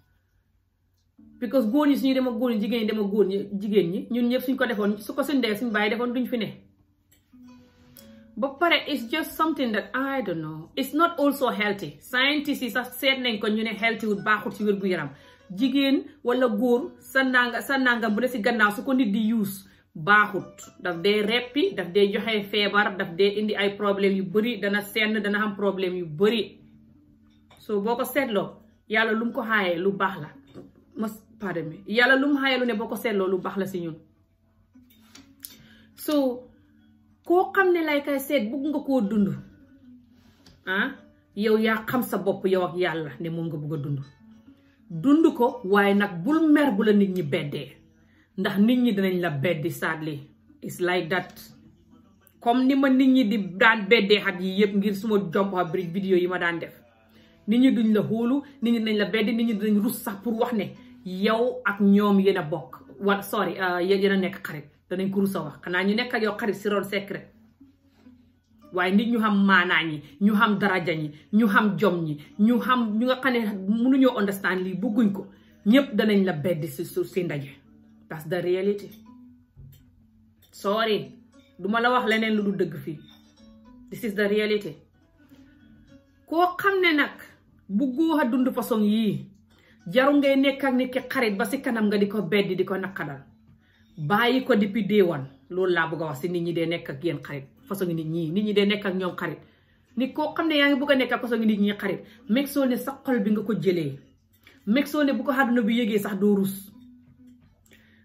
because góor ñi suñu dem ak góor ñi jigéen ñi dem ak góor ñi jigéen ñi ñun ñëpp suñ ko defoon su ko suñ dee suñ bàyyi defoon duñ fi ne ba pare it's just something that I don't know it's not also healthy scientists yi sax seet nañ ko ñu ne healthy wut baaxut ci wér gu yaram jigéen walla góor sa nanga sa nangam bu ne si gannaaw su ko nit di use baaxut daf dee reppi daf dee joxe feebar daf dee indi ay problème yu bëri dana senn dana am problème yu bari so boo ko seetloo yàlla lu mu ko xaayee lu baax la ma pardon mi yàlla lu mu ne boo ko seetloo lu baax la si ñun so koo xam ne lay kay seet bugg nga koo dund ah yow yaa xam sa bopp yow ak yàlla ne moom nga bëgg a dund dund ko waaye nag bul mer bu la nit ñi beddee ndax nit ñi danañ la beddi sadly it's like that comme ni ma nit ñi di daan beddee xat yi yëpp ngir suma jomba bridge vidéo yi ma daan def nit ñi duñ la xóolu nit ñi dinañ la beddi nit ñi dinañ rus sax pour wax ne yow ak ñoom yéen a bokk wa sorry uh, yéen a nekk xarit danañ ko rus a wax xanaa ñu nekk ak yow xarit si ron secret waaye nit ñu xam maanaa ñi ñu xam daraja ñi ñu xam jom ñi ñu xam ñu nga xam ne mënuñoo understand lii bëgguñ ko ñëpp danañ la beddi si su si ndaje that's the reality sorry duma la wax leneen lu du dëgg fii this is the reality koo xam ne nag bu buggoo a dund façon yii jaru ngay nekk ak nit ki xarit ba si kanam nga di ko beddi di ko naqadal bàyyi ko depuis day one loolu laa bëgg wax si nit ñi dee nekk ak yéen xarit façon nit ñi nit ñi day nekk ak ñoom xarit nit koo xam ne yaa ngi bëgg a nekk ak façon nit ñi xarit meg soo ne sa xol bi nga ko jëlee meg ne bu ko àdduna bu yëgee sax doo rus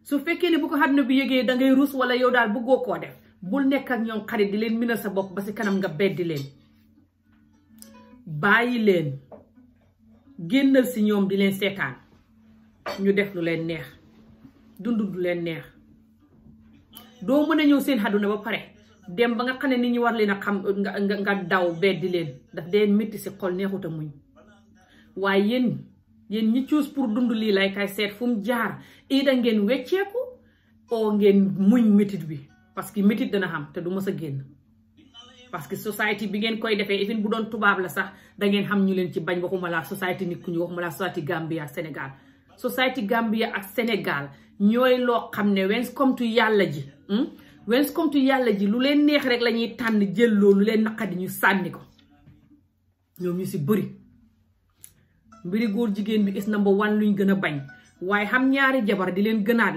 su fekkee ne bu ko àdduna bi yëgee da ngay rus wala yow daal bëggoo koo def bul nekk ak ñoom xarit di leen minal sa bopp ba si kanam nga beddi leen bàyyi leen génnal si ñoom di leen seetaan ñu def lu leen neex dund lu leen neex doo mën a ñëw seen àdduna ba pare dem ba nga xam ne nit ñi war leen a xam nga nga daw beddi leen daf dee métti si xol neexut a muñ waaye yéen yéen ñi cuus pour dund lii lay kay seet fu mu jaar iida ngeen wecceeku oo ngeen muñ métit bi parce que métit dana xam te du mës a génn parce que société bi ngeen koy defee even bu doon tubaab la sax dangeen xam ñu leen ci bañ waxuma laa société nit waxuma laa société Gambia Sénégal société Gambia ak Sénégal ñooy loo xam ne wen comme tu yàlla ji hmm? welcome to yàlla ji lu leen neex rek la ñuy tànn jël loolu leen naqadi ñu sànni ko ñoom ñu si bëri mbiri góor jigéen bi is number one luñ gën a bañ waaye xam ñaari jabar di leen gënaat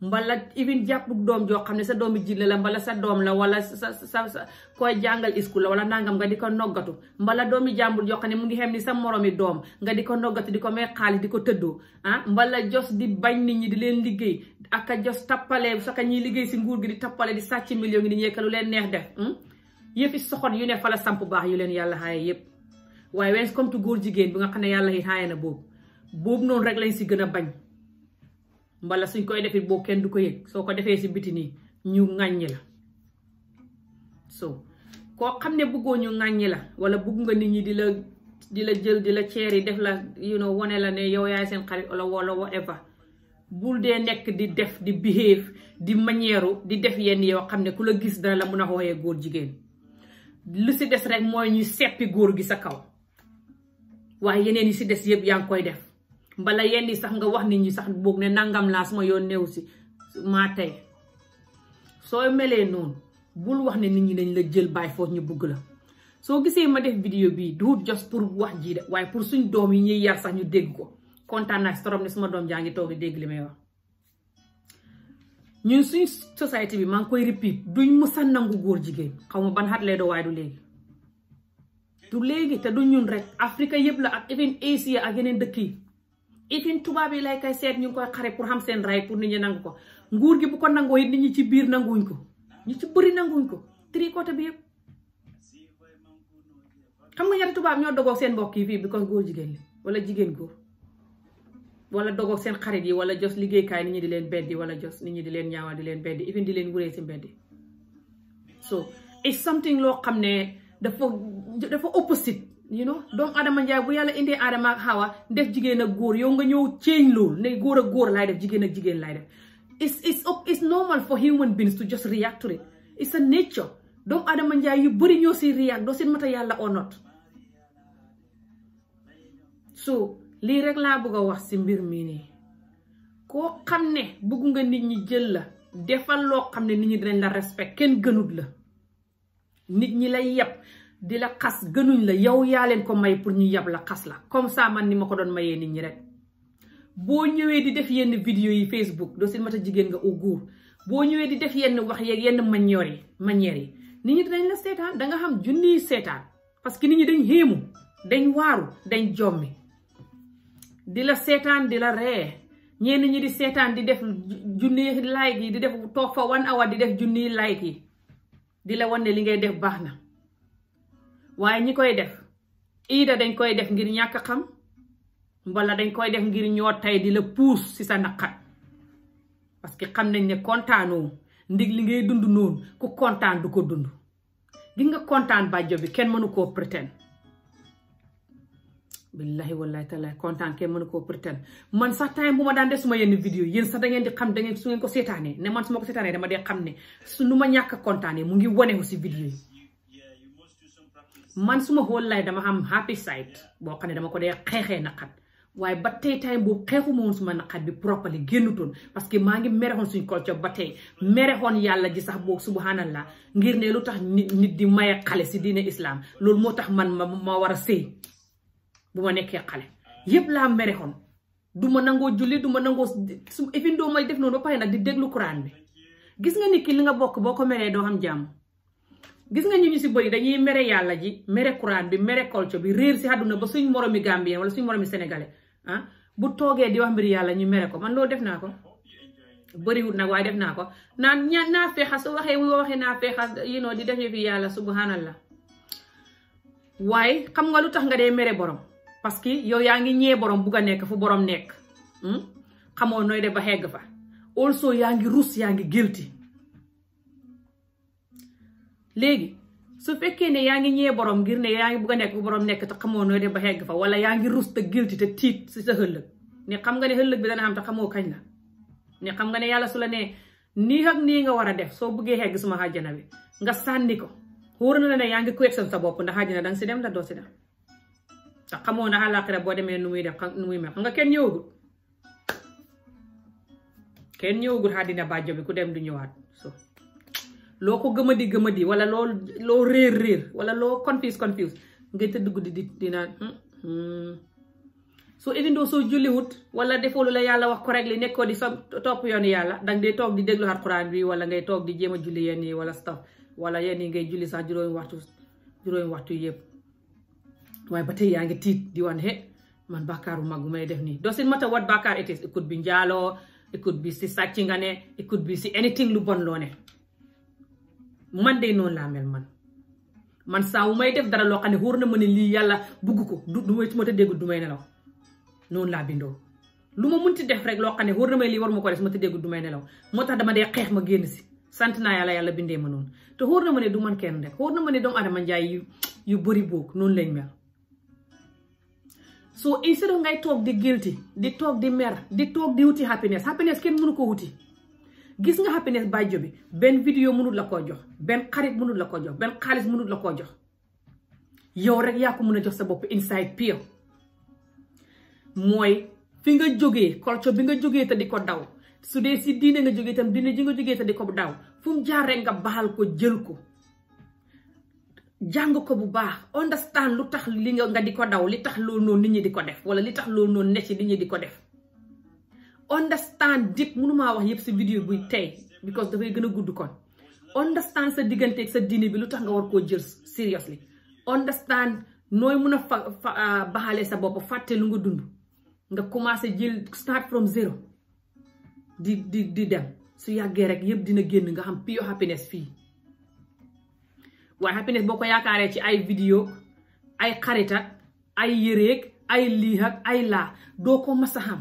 mbala even jàpp doom joo xam ne sa doomi jille la mbala sa doom la wala sa sa sa koy jàngal iskul la wala nangam nga di ko noggatu mbala doomi jàmbur joo xam ne mu ngi xem ni sa moromi doom nga di ko noggatu di ko may xaalis di ko tëddoo ah mbala jos di bañ ni ñi di leen liggéey ak a jos tappale saka ñuy liggéey si nguur gi di tappale di sàcc million gi di ñeeka lu leen neex def hmm? yëfi soxot yu ne fa la samp baax yu leen yàlla xaaye yëpp waaye wees comme tu bi nga xam ne yàlla yi xaaye na boobu boobu noonu rek lañ si gën a bañ mbala suñ koy defit boo kenn du ko yëg soo ko defee si biti nii ñu ŋàññi la so koo xam ne bëggoo ñu ŋàññi la wala bugg nga nit ñi di la di la jël di la ceer yi def la you know wane la ne yow yaay seen xarit wala wala whatever bul dee nekk di def di behave di manière di def yenn yow xam ne ku la gis dana la mun a xooyee góor jigéen lu si des rek mooy ñu seppi góor gi sa kaw waaye yeneen yi si des yëpp yaa ngi koy def mbala yenn yi sax nga wax nit ñi sax boog ne nangam laa suma yoon néew si maa tey soo melee noonu bul wax ne nit ñi dañ la jël bàyyi foofu ñu bugg la soo gisee ma def vidéo bii duut jos pour wax ji de waaye pour suñ doom yi ñuy yar sax ñu dégg ko kontaan naa si torop ne suma doom jaa ngi toog dégg li may wax ñun suñ société bi maa ngi koy repeat duñ musa nangu góor jigéen xaw ma ban xat lay doo waaye du léegi du léegi te du ñun rek Afrique yëpp la ak even Asia ak yeneen dëkk yi ifin tubaab yi lay kay seet ñu ngi koy xare pour xam seen ray pour nit ñi nangu ko nguur gi bu ko nangoo it nit ñi ci biir nanguñ ko ñu ci bëri nanguñ ko tricoté bi yëpp xam nga ñetti tubaab ñoo dogoog seen mbokk yi fii bi kon góor jigéen li wala jigéen góor wala dogoog seen xarit yi wala jos liggéeykaay ni ñi di leen beddi wala jos nit ñi di leen ñaawal di leen beddi ifin di leen wuree si mbeddi so it's something loo xam ne dafa dafa you know doomu adama njaay bu yàlla indi adama ak xawa def jigéen ak góor yow nga ñëw change loolu ne góor ak góor laay def jigéen ak jigéen laay def it's it's it's normal for human beings to just react to it it's a nature doomu adama njaay yu bëri ñoo si react doo seen mata yàlla or so lii rek laa bëgg a wax si mbir mii nii koo xam ne bëgg nga nit ñi jël la defal loo xam ne nit ñi dinañ la respect kenn gënut la nit ñi lay yeb di la xas gënuñ la yow yaa leen ko may pour ñu yab la xas la comme ça man ni ma ko doon mayee nit ñi rek boo ñëwee di def yenn vidéo yi Facebook doo si mat a jigéen nga au góor boo ñëwee di def yenn wax yeeg yenn manière yi manière yi nit ñi dañ la seetaan da nga xam junniy seetaan parce que nit ñi dañ xéemu dañ waaru dañ jommi di la seetaan di la ree ñenn ñi di seetaan di def junniy like yi di def toog fa one hour di def junniy like yi di la wan li ngay def baax na waaye ñi koy def iida dañ koy def ngir ñàkk xam wala dañ koy def ngir ñoo tay di la puus si sa naqar parce que xam nañ ne kontaanoo ndig li ngay dund noonu ku kontaan du ko dund gi nga kontaan bàjjo bi kenn mënu koo prétend billahi wallahi taala kontaan kenn mënu koo prétend man sax time bu ma daan def suma yenn vidéo yéen sax da ngeen di xam da ngeen su ngeen ne man su ma dama dee xam ne su nu ma ñàkk kontaanee mu ngi wanewu si vidéo yi man suma whole life dama am happy side boo xam ne dama ko dee xeexee naqat waaye ba tey time boobu xeexu ma woon suma naqat bi properly génnutoon parce que maa ngi merexoon suñ culture ba tey merexoon yàlla ji sax suba boobu subhanallah ngir ne lu tax nit nit di maye xale si diine islaam loolu moo tax man ma ma war a sëy bu ma nekkee xale yépp laa merexoon du ma nangoo julli du ma nangoo su ifin doo may def noonu ba pare nag di déglu Quran bi gis nga nit ki li nga bokk boo ko meree doo am jàmm gis nga ñu ñu si bëri dañuy mere yàlla ji mere Quran bi mere culture bi réer si àdduna ba suñ moromi Gambien wala suñ moromi Sénégalais ah bu toogee di wax mbir yàlla ñu mere ko man loo def naa ko bëriwut nag waaye def naa ko naan ña naa feexas su waxee naa feexas you know di def fi yàlla xam nga lu tax nga dee mere borom parce que yow yaa ngi ñee borom bugg a nekk fu borom nekk hmm? xamoo nooy def ba xegg fa also yaa ngi ruus yaa ngi guilty léegi su fekkee ne yaa ngi ñee borom ngir ne yaa ngi bugga nekk bu borom nekk te xamoo noo de ba xegg fa wala yaa ngi rus te gilti te tiit si sa xëllëg ne xam nga ne xëllëg bi dana am te xamoo kañ la ne xam nga ne yàlla su la nee nii nii war a def soo buggee xegg suma àjjana bi nga sànni ko wóor na la ne yaa ngi question sa bopp ndax àjjana danga si dem la doo si dem te xamoo na àllaaxira boo demee nu muy def nu muy mel xam nga kenn ñëwagul kenn ñëwagul àddina bàjjo bi ku dem du ñëwaat loo ko gëmadi gëmadi wala loo loo réer réer wala loo confuse confuse ngay tëdd guddi di di naan hmm, hmm. soo évindoo soo julliwut wala defoo lu la yàlla wax ko rek li nekkoo di so topp yoonu yàlla danga dee toog di déglu alxuraan bi wala ngay toog di jéem a julli yenn yi wala staf wala yenn ngay julli sax juróomi waxtu juróomi waxtu yëpp waaye ba tey yaa ngi tiit di wan he man bàkkaaru mag bu may def nii doesn't matter what bàkkaar it is it could njaaloo it could si sàcc nga ne it could si anything lu bon loo man de noonu laa mel man man saa wu may def dara loo xam ne wóor na ma ne lii yàlla bugg ko du du ma tëddee guddi du may laa bindoo lu ma munti def rek loo xam ne wóor na ma lii war ma ko def su ma tëddee guddi du may nelaw moo tax dama dee xeex ma génn si sant naa yàlla yàlla bindee ma noonu te wóor na ma ne du man kenn rek wóor na ma ne doomu adama njaay yu yu bëri boog noonu lañ mel so instead of ngay toog di guilty di toog di mer di toog di wuti happiness happiness kenn mënu ko wuti gis nga happiness by bi benn vidéo mënul la koo jox benn xarit mënul la koo jox benn xaalis mënul la koo jox yow rek yaa ko mën a jox sa bopp inside pure mooy fi nga jógee culture bi nga jógee te di ko daw su dee si diine nga jógee itam diine ji nga jógee di ko daw fu mu jaar rek nga baal ko jël ko jàng ko bu baax understand lu tax li nga nga di ko daw li tax loolu noonu nit ñi di ko def wala li tax loolu noonu ne ci ñi di ko def understand deep mënumaa wax yëpp si vidéo buy tey because dafay gën a gudd kon understand sa diggante sa diine bi lu tax nga war koo jël seriously understand nooy mun a fa ah, baxale sa bopp fàtte lu nga dund nga commencé jël start from zero di di di dem su yàggee rek yëpp dina génn nga xam pure happiness fii waaye happiness boo ko yaakaaree ci ay vidéo ay xarita ak ay yëreeg ay lii ak ay laa doo ko mas a xam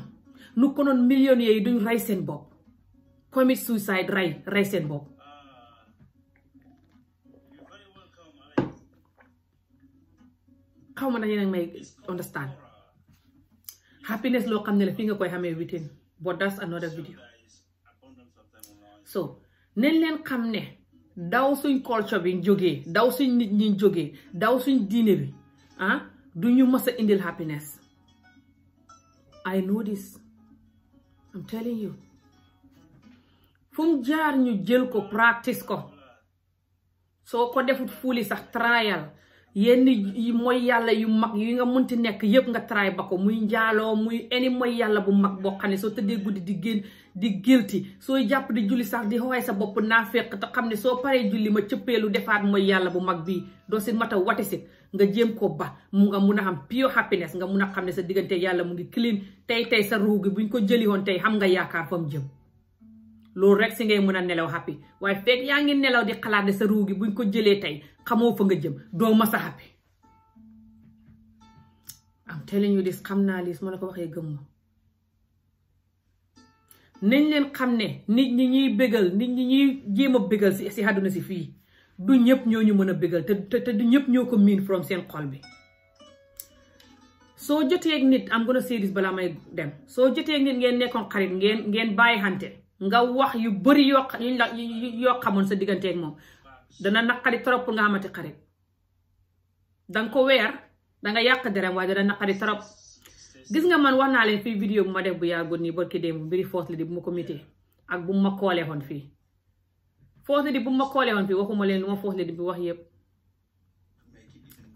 nu konoon million yi duñ rey seen bopp commit suicide rey rey seen bopp xaw ma na yéen may understand happiness loo xam ne la fii nga koy xamee within but that's another video so nañ leen xam ne daw suñ culture bi jógee daw suñ nit ñi jógee daw suñ diine bi ah du ñu mës a indil happiness I know this I'm telling fu mu ñu jël ko practice ko soo ko defut fuuli sax trial yenn mooy yàlla yu mag yi nga munti nekk yëpp nga try ba ko muy njaaloo muy eni mooy yàlla bu mag boo xam ne soo tëddee guddi di génn di guilty soo jàpp di julli sax di xooy sa bopp naa fekk te xam ne soo paree julli ma cëppeelu defaat mooy yàlla bu mag bii doo si mata wati si nga jéem ko ba mu nga mun a am pure happiness nga mun a xam ne sa diggante yàlla mu ngi clean tey tey sa ruux bu buñ ko jëli woon tey xam nga yaakaar jëm loolu rek si ngay mën a nelaw waaye fekk yaa ngi nelaw di xalaat sa ruux gi buñ ko jëlee tey xamoo fa nga jëm doo ma sa happy am telling you this xam naa lii su ma ko waxee gëm ma nañ leen xam ne nit ñi ñuy bégal nit ñi ñuy jéem a bégal si si àdduna si fii du ñëpp ñoo ñu mën a bégal te te du ñëpp ñoo ko miin from seen xol bi soo jotee ak nit am gën a séeris balaa may dem soo jotee ak nit ngeen nekkoon xarit ngeen ngeen bàyyi xante nga wax yu bari yoo yuñ yoo xamoon sa digganteeg moom dana naqari trop pour nga xamante xarit danga ko weer danga yàq derem waaye dana naqari trop gis nga man wax naa leen fii vidéo bu ma def bu yàggul nii barki démb mbiri foos la di bu ma ko mitee ak bu ma koolee xoon fii foos lidi bu ma koole woon fii waxuma leen lu ma foos lidi bi wax yëpp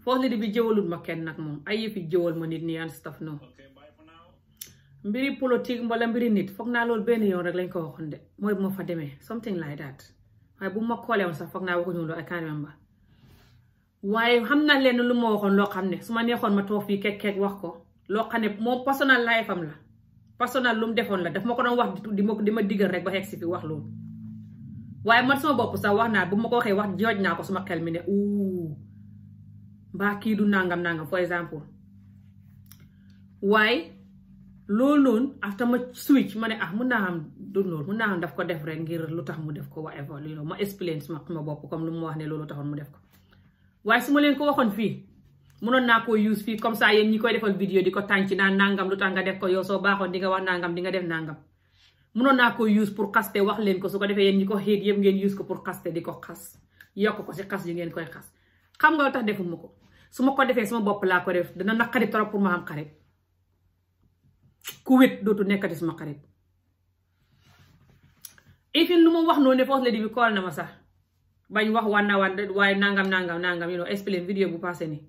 foos lidi bi jëwalul ma kenn nag moom ay yëpp jëwal ma nit ñi yan staf noonu mbiri politique mbala mbiri nit foog naa loolu benn yoon rek lañ ko waxoon mooy ma fa demee something like that waaye bu ma koole sax foog naa waxuñu loolu I can't remember waaye na leen lu ma waxoon loo xam ne su ma neexoon ma toog fii kekkeek wax ko loo xam ne moom personal life am la personal lu defoon la daf ma ko doon wax di ma di ma digal rek ba xegsi fi wax loolu waaye man sama bopp sax wax naa bu ma ko waxee wax jooj naa ko suma xel mi ne uu mbaa kii du nangam nangam for exemple waaye loolu noonu after ma switch ma ne ah mun naa xam du loolu mun naa xam daf ko def rek ngir lu tax mu def ko whatever loolu ma explain suma ma bopp comme lu mu wax ne loolu taxoon mu def ko waaye su ma leen ko waxoon fii mënoon naa koo use fii comme ça yéen ñi koy defal vidéo di ko tànc naa nangam lu tax nga def ko yow baaxoon di nga wax nangam di nga def nangam. mënoon naa ko use pour xaste wax leen ko su ko defee yéen ñi ko xéet yëpp ngeen use ko pour xaste di ko xas yokk ko ci xas yi ngeen koy xas xam nga tax defuma ko su ma ko defee sama bopp laa ko def dana naqari trop pour ma am xarit ku wét dootu nekkati suma xarit ifin lu ma wax noonu ne foofu la di bi kool na ma sax bañ wax waan na waan waaye nangam nangam nangam yi know explain vidéo bu passé nii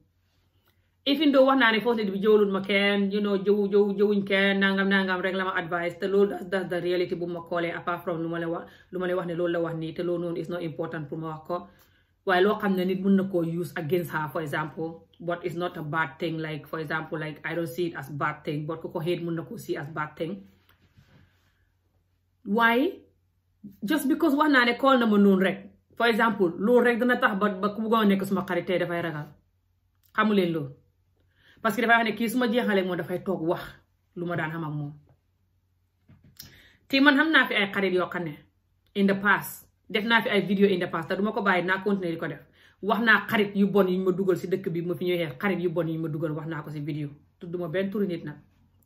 even though wax naa ne first lady bi jëwluñ ma kenn you know jëwu jëwu jëwuñ kenn nangam nangam rek la ma advice te loolu that's the reality bu ma koolee apart from lu ma la wax lu ma wax ne loolu la wax nii te loolu noonu is not important pour ma wax ko waaye loo xam ne nit mën na koo use against her for example but it's not a bad thing like for example like I don't as bad thing ko hate na koo see as bad thing waaye just because naa ne call na ma noonu rek for example loolu rek dana tax ba ba ku bëggoon nekk suma xarit tey dafay xamu leen loolu parce que dafay wax ne kii su ma jeexalee moom dafay toog wax lu ma daan xam ak moom te man xam naa fi ay xarit yoo xam ne in the def naa fi ay vidéo in the te du ma ko bàyyi naa continuer di ko def wax naa xarit yu bon yuñ ma dugal si dëkk bi ma fi xarit yu bon yuñ ma dugal wax naa ko si vidéo tudd benn turu nit nag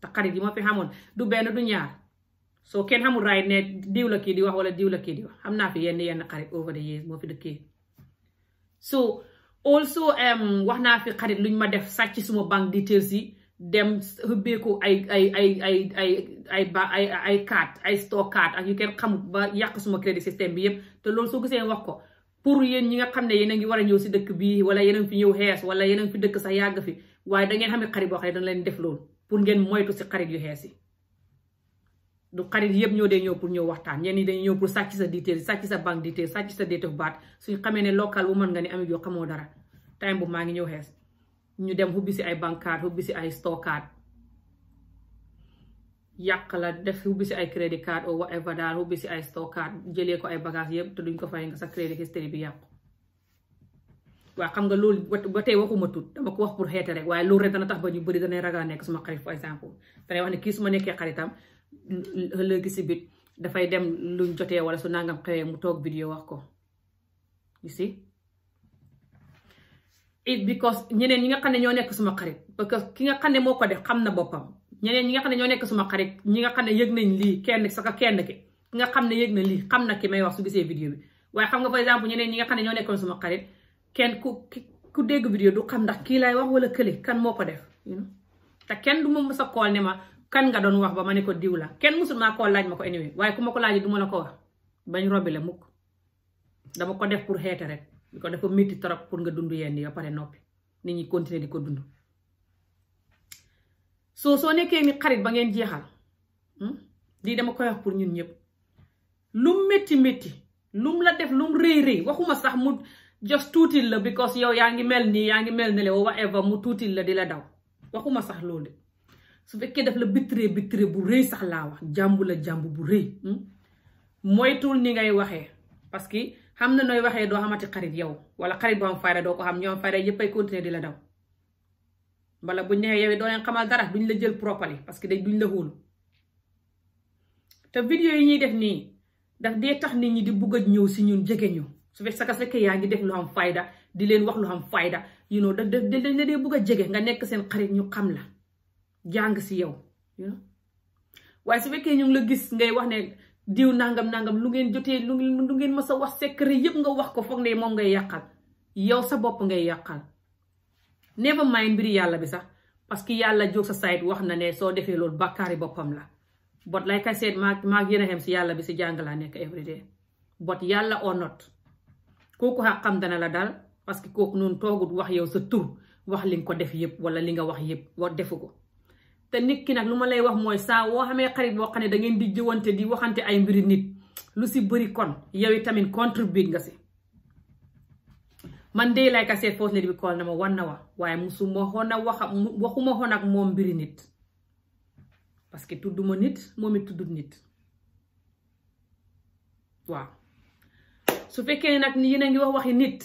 te xarit yi ma fi xamoon du benn du ñaar soo kenn xamul raay ne diw kii di wax wala diw la kii di wax xam naa fi yenn yenn xarit over the years moo fi dëkkee also wax naa fi xarit luñ ma def sàcc suma banque details yi dem hubbeeku ay ay ay ay ay ay ba ay ay carte ay store carte ak yu kenn xamut ba yàq suma crédit système bi yépp te loolu soo gisee wax ko pour yéen ñi nga xam ne yéen a ngi war a ñëw si dëkk bi wala yéen a ngi fi ñëw xees wala yéen a ngi fi dëkk sax yàgg fi waaye da ngeen xam ne xarit boo xam dana leen def loolu pour ngeen moytu si xarit yu xees yi du xarit yëpp ñoo dee ñëw pour ñëw waxtaan ñenn ñi dañuy ñëw pour sàcc sa detail sàcc sa banque detail sàcc sa date of suñ xamee ne local bu mën nga ne am yoo xamoo dara time bu maa ngi ñëw xees ñu dem xubbi si ay banque card xubbi si ay store card la def xubbi si ay credit card or whatever daal si ay store card jëlee ko ay bagage yëpp te duñ ko fay nga sa credit history bi yàqu waaw xam nga loolu ba tey waxuma tut dama ko wax pour xeete rek waaye loolu rek dana tax ba ñu bëri danay ragal nekk suma xarit par exemple danay wax ne kii suma nekkee xaritam ëllëg si bit dafay dem luñ jotee wala su nangam xewee mu toog vidéo wax ko you see it because ñeneen ñi nga xam ne ñoo nekk suma xarit parce que ki nga xam ne moo ko def xam na boppam ñeneen ñi nga xam ne ñoo nekk suma xarit ñi nga xam ne yëg nañ lii kenn saka kenn ki ki nga xam ne yëg na lii xam na ki may wax su gisee vidéo bi waaye xam nga par exemple ñeneen ñi nga xam ne ñoo nekkoon suma xarit kenn ku ku dégg vidéo du xam ndax kii lay wax wala kële kan moo ko def te kenn du ma mës kool ne ma kan nga doon wax ba ma ne ko diw la kenn musul maa koo laaj ma ko anyway waaye ku ma ko laajee du ma la ko wax bañ robbi la mukk dama ko def pour xeete rek di ko dafa métti trop pour nga dund yenn yi ba pare noppi nit ñi continuer di ko dund soo soo nekkee ni xarit ba ngeen jeexal hmm? lii dama koy wax pour ñun ñëpp lum métti métti lum la def lum rëy rëy waxuma sax mu jos tuutil la because yow yaa ngi mel nii yaa ngi mel ne le whatever mu tuutil la di la daw su fekkee daf la bittiree bittiree bu rëy sax laa wax jàmbu la jàmbu bu mooy hmm? moytul ni ngay waxee parce que xam na nooy waxee doo xamati xarit yow wala xarit boo am doo xam ñoo am fayda yëpp ay di la daw wala buñ neexee yow doo leen la jël properly parce que dañ duñ la hóolu te yi ñuy def nii daf dee tax nit ñi di bugg a ñëw si ñun jege ñu su fekkee sa fekkee yaa ngi def lu am fayda di leen wax lu am fayda you know da da da dee bugg a jege nga nekk seen xarit ñu xam la. jàng si yow waaye su fekkee ñu ngi la gis ngay wax ne diw nangam nangam lu ngeen jotee lu ngeen lu ngeen a wax secret yëpp nga wax ko foog ne moom ngay yàqal yow sa bopp ngay ne never may mbiri yàlla bi sax parce que yàlla jóg sa sayt wax na ne soo defee loolu bàkkaari boppam la boot like I said maa maa gën a si yàlla bi si jàng laa nekk everyday but yàlla or not kooku xam dana la dal parce que kooku noonu toogut wax yow sa tur wax li nga ko def yëpp wala li nga wax yëpp war defu ko. te nit ki nag lu ma lay wax mooy saa woo xamee xarit boo xam ne da ngeen di jëwante di waxante ay mbiri nit lu si bëri kon yow itamit contribute nga si man de like I said first lady bi call na ma wan na wa waaye wax waxuma xoon nag moom mbiri nit parce que tudduma nit moom it tuddut nit waaw su fekkee nag yéen a ngi wax waxi nit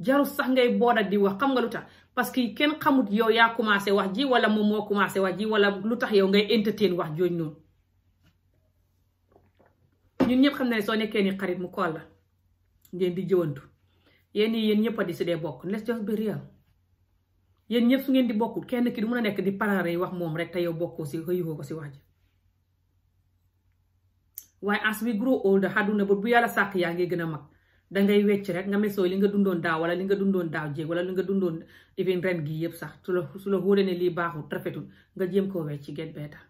jarul sax ngay bood di wax xam nga lu tax parce que kenn xamut yow yaa commencé wax ji wala moom moo commencé wax ji wala lu tax yow ngay entertain wax jooju noonu ñun ñëpp xam na ne soo nekkee ni xarit mu kool la ngeen di jëwantu yéen yéen ñëpp a di si dee bokk let's just be ñëpp su di bokkul kenn ki du nekk di paraare yi wax moom rek te yow bokkoo si ko si wax ji waaye as we grow older àdduna ba bu yàlla sàq yaa ngi gën a mag. dangay wecc rek nga mesoo li nga dundoon daaw wala li nga dundoon daaw jéeg wala li nga dundoon even ren gi yëpp sax su la su la wóoree ne lii baaxul rafetul nga jéem koo wecc get better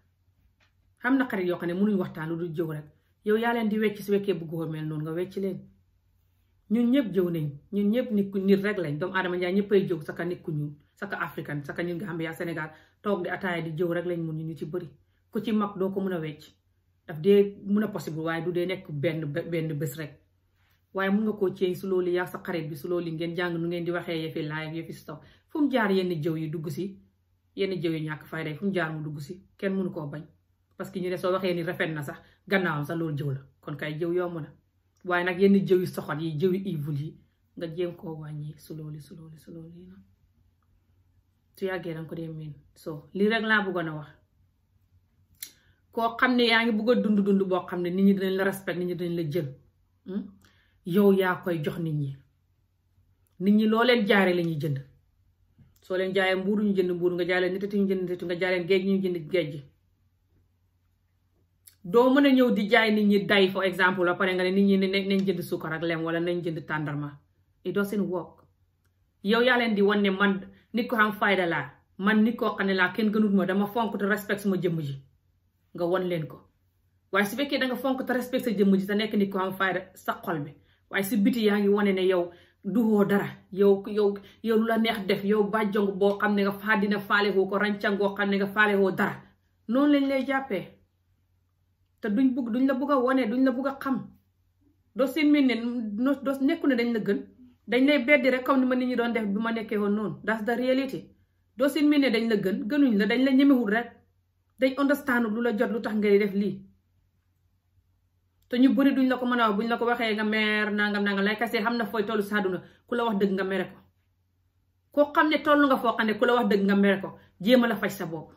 xam na xarit yoo xam ne mënuñ waxtaan lu dul rek yow yaa leen di su fekkee bu góor mel noonu nga wecc leen ñun ñëpp jëw nañ ñun ñëpp nit ku nit rek lañ doomu aadama njaay ñëppay jëw saka nit ku ñuul saka african saka ñun nga xam yaa Sénégal toog di ataaya di jëw rek lañ mun ñu ci bëri ku ci mag doo ko mën a wecc daf dee mun a possible waaye du dee nekk benn benn bés rek waaye mun nga koo ceey su loolu yaa sa xarit bi su loolu ngeen jàng nu ngeen di waxee yëfi live yëfi stock fu jaar yenn jëw yi dugg si yenn jëw yi ñàkk fayda yi fu jaar mu dugg si kenn mënu koo bañ parce que ñu ne soo waxee ni rafet na sax gannaawam sax loolu jëw la kon kay jëw yomb na waaye nag yenn jëw yi soxot yi jëw yi evil yi nga jéem koo wàññi su loolu su loolu su yi noonu su yàggee danga ko dee miin so lii rek laa bëggoon a wax koo xam ne yaa ngi bëgg a dund dund boo xam ne nit ñi dinañ la respect nit ñi dinañ la jël hmm? yow yaa koy jox nit ñi nit ñi loo leen jaare la ñuy jënd soo leen jaayee mbuuru ñu jënd mbuuru nga jaay leen jënd nitati nga jaay leen ñu jënd géej gi doo mën ñëw di jaay nit ñi day for exemple la pare nga ne nit ñi nañ jënd sukkar ak lem wala nañ jënd tàndarma it doesn't work yow yaa leen di wan ne man nit ko xam fayda man nit ko xam ne laa kenn gënut ma dama fonk te respect suma jëmm ji nga won leen ko waaye su fekkee danga fonk te respect sa jëmm ji sa nekk nit ko xam fayda sa xol bi waaye si biti yaa ngi wane ne yow duhoo dara yow yow yow lu la neex def yow bàjjong boo xam ne nga faa dina faale woo ko ràncang boo xam ne nga faale woo dara noonu lañ lay jàppee te duñ bugg duñ la bugg a wane duñ la bugg a xam doo si miin ne doo nekku ne dañ la gën dañ lay beddi rek comme ni ma ni ñi doon def bi ma nekkee woon noonu that's the reality doo si miin dañ la gën gënuñ la dañ la ñemewul rek dañ understand lu la jot lu tax ngay def lii te ñu bëri duñ la ko mën a wax buñ la ko waxee nga meer nangam nangam lay kase xam na fooy toll sa àdduna ku la wax dëgg nga mere ko koo xam ne toll nga foo xam ne ku la wax dëgg nga mere ko jéem a la faj sa bopp.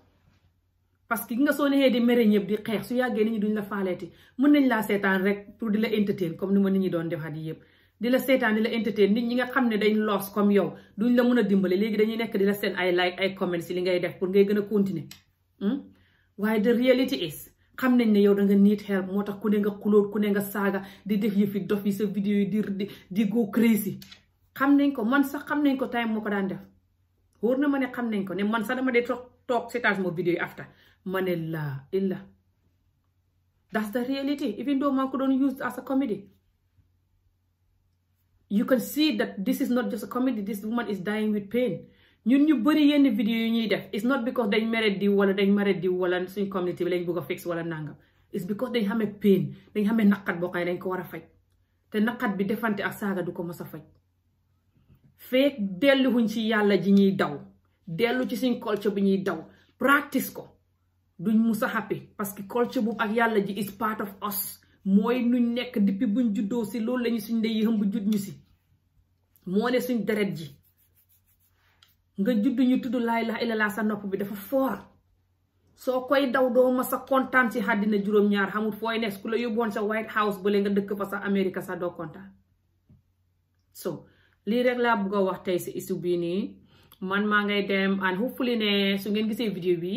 parce que gi nga soo neexee di mere ñëpp di xeex su yàggee nit ñi duñ la faaleeti mën nañ la seetaan rek pour di la entertain comme ni ma nit ñi doon defaat yi yëpp di la seetaan di la entertain nit ñi nga xam ne dañ loos comme yow duñ la mën a dimbale léegi dañuy nekk di la seen ay like ay comments si li ngay def pour ngay gën a continuer hmm? waaye the xam nañ ne yow da nga need help moo tax ku ne nga xulóor ku ne nga saaga di def yëfi dof yi sa vidéo yi di di go crazy xam nañ ko man sax xam nañ ko time moo ko daan def wóor na ma ne xam nañ ko ne man sax ma dee toog toog seetaan ma vidéo yi after ma ne laa illa that's the reality even though maa doon use as a comedy you can see that this is not just a comedy this woman is dying with pain ñun ñu bëri yenn vidéo yu ñuy def it's not because dañ mere diw wala dañ mere diw wala suñ community bi lañ bëgg a fix wala nangam it's because dañ xamee pain dañ xamee naqat boo xam ne dañ ko war a faj te naqat bi defante ak saaga du ko mos a faj feek delluwuñ ci yàlla ji ñuy daw dellu ci suñ culture bi ñuy daw practice ko duñ mus a happy parce que culture bu ak yàlla ji is part of us mooy nuñ nekk depuis buñ juddoo si loolu lañu suñ ndey yëmb jut ñu si moo ne suñ deret ji nga judd ñu tudd laay ilaha illallah sa nopp bi dafa foor soo koy daw doo ma sa kontaan si àddina juróom-ñaar xamul fooy nekk ku la yóbboon sa White House bële nga dëkk fa sa Amérique sa doo laa bëgg a wax tey si isu bii nii man maa ngay dem and hopefully su ngeen gisee vidéo bi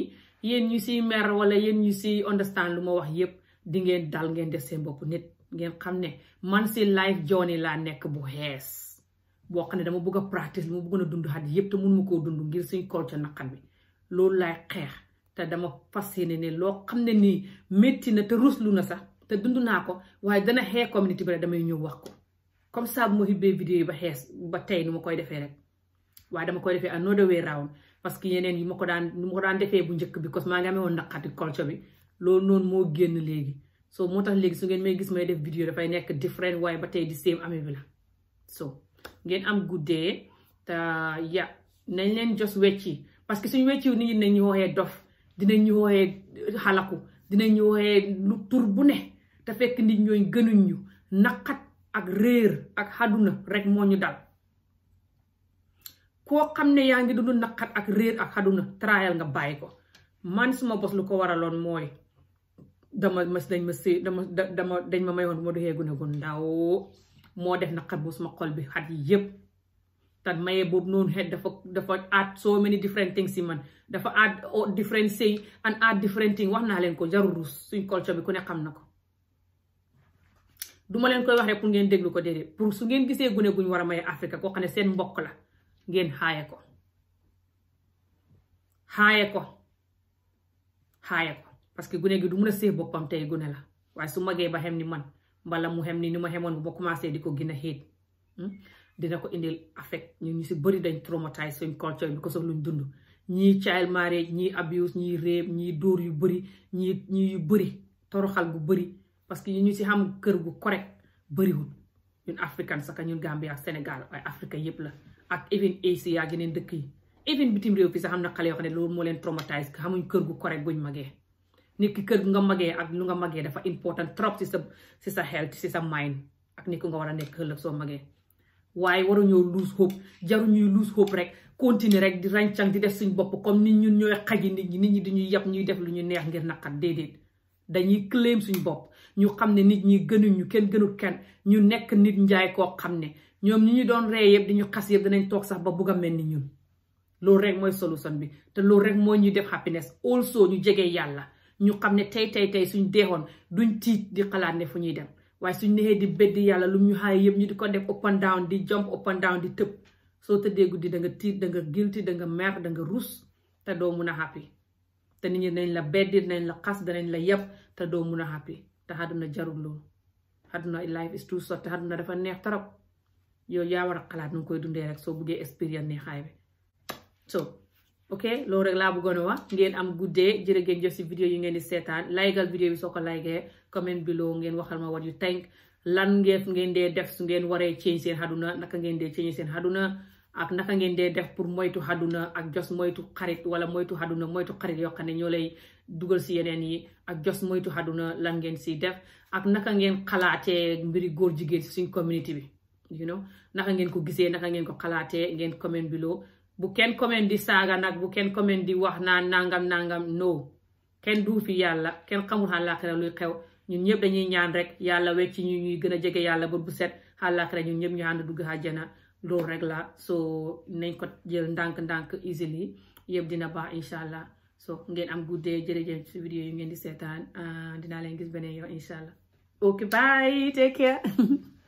yéen ñu si mer wala yéen ñi si understand lu ma wax yépp di ngeen dal ngeen def seen bopp nit ngeen xam ne man si life journey laa nekk bu xees boo xam ne dama bëgg a practice li ma bëggoon a dund xat yëpp te mun koo dund ngir suñ culture naqar bi loolu laay xeex te dama fas yéene ne loo xam ne nii métti na te lu na sax te dund naa ko waaye dana xee community bi rek damay ñëw wax ko comme ça bu ma xibbee vidéo yi ba xees ba tey nu ma koy defee rek waaye dama koy defee another way round parce que yeneen yi ma ko daan nu ma daan defee bu njëkk bi parce maa ngi amee woon naqati culture bi loolu noonu moo génn léegi so moo tax léegi su ngeen may gis may def vidéo dafay nekk different waaye ba tey di same amee bi la so ngeen am guddee te ya nañ leen jos wecci parce que suñu wecciw nit ñi dinañ ñu wooyee dof dinañ ñu wooyee xalaku dinañ ñu wooyee lu tur bu ne te fekk nii ñooy gënuñu ñu naqat ak réer ak xaduna rek moo ñu dal koo xam ne yaa ngi dund naqat ak réer ak xaduna trayal nga bàyyi ko man suma bos lu ko waraloon mooy dama mas dañ ma sëy dama dama dañ ma mayoon bu ma doxee gune gu ndaw moo def naqar bu suma xol bi xat yi yépp te maye boobu noonu xet dafa dafa add so many different things si man dafa add different say and add different things wax naa leen ko jarul suñ culture bi ku ne xam na ko duma leen koy wax rek pour ngeen déglu ko déedéet pour su ngeen gisee gune guñ war a maye Afrique ko xam ne seen mbokk la ngeen xaaye ko xaaye ko xaaye ko parce que gune gi du mun a séef boppam tey gune la waaye su magee ba xem ni man mbala mu xem ni ni ma xemoon bu ba di ko gën a xéet hmm? dina ko indil affect ñu ñu si bëri dañ traumatise suñ culture bi ko sox luñ dund ñii child marriage ñii abuse ñii rape ñii door yu bëri ñii ñii yu bëri toroxal bu bëri parce que ñu si xam kër gu correct bëriwul ñun african saka ñun Gambia Sénégal ay Afrique yëpp la ak even Asia yeneen dëkk yi even bitim réew fi sax xam na xale yoo xam ne loolu moo leen traumatise xamuñ kër gu correct buñ magee nit ki nga magee ak lu nga magee dafa important trop sa si sa health si sa mind ak nit ku nga war a nekk ëllëg soo waaye waruñoo lose hope jaruñuy lose hope rek continuer rek di ràncang di def suñ bopp comme nit ñun ñooy xaji nit ñi nit ñi dañuy yàpp ñuy def lu ñu neex ngir naqat déedéet dañuy claim suñ bopp ñu xam ne nit ñi gënuñu kenn gënu kenn ñu nekk nit njaay koo xam ne ñoom ñi ñu doon ree yëpp di ñu xas yëpp nañ toog sax ba bugg mel ni ñun loolu rek mooy solution bi te loolu rek mooy ñu def happiness also ñu jege yàlla ñu xam ne tey tey tey suñ deexoon duñ tiit di xalaat ne fu ñuy dem waaye suñ nexee di beddi yàlla lu ñu xaay yëpp ñu di ko def up down di jump up down di tëb soo tëddee guddi da nga tiit da nga guilty da nga mer da nga rus te doo mun a happy te nit ñi danañ la beddi danañ la xas danañ la yeb te doo mun a happy te àdduna jarul loolu àdduna life is too sot te na dafa neex trop yow yaa war a xalaat nu koy dundee rek soo buggee expérience neexaay bi ok loolu rek laa bëggoon a wax ngeen am guddee jërë ngeen jëf si vidéo yi ngeen di seetaan laygal vidéo bi soo ko laygee comment below ngeen waxal ma what you think lan ngeen ngeen dee def su ngeen waree change seen xaduna naka ngeen dee change seen xaduna ak naka ngeen dee def pour moytu xaduna ak jos moytu xarit wala moytu xaduna moytu xarit yoo xam ne ñoo lay dugal si yeneen yi ak jos moytu xaduna lan ngeen si def ak naka ngeen xalaatee mbiri góor jigéen si suñ community bi you no naka ngeen ko gisee naka ngeen ko xalaatee ngeen comment below bu kenn comment di saaga nag bu kenn comment di wax naan nangam nangam no kenn du fi yàlla ken xamul àllaaxira luy xew ñun ñëpp dañuy ñaan rek yàlla wecc ci ñu ñuy gën a jege yàlla ba bu set àllaaxira ñu ñëpp ñu ànd dugg àjjana loolu rek la soo nañ ko jël ndànk-ndànk easily yëpp dina baax incha allah so ngeen am guddee jërëjëf ci vidéo yi ngeen di seetaan ah, dinaa leen gis beneen yoo incha allah ok bye take [LAUGHS]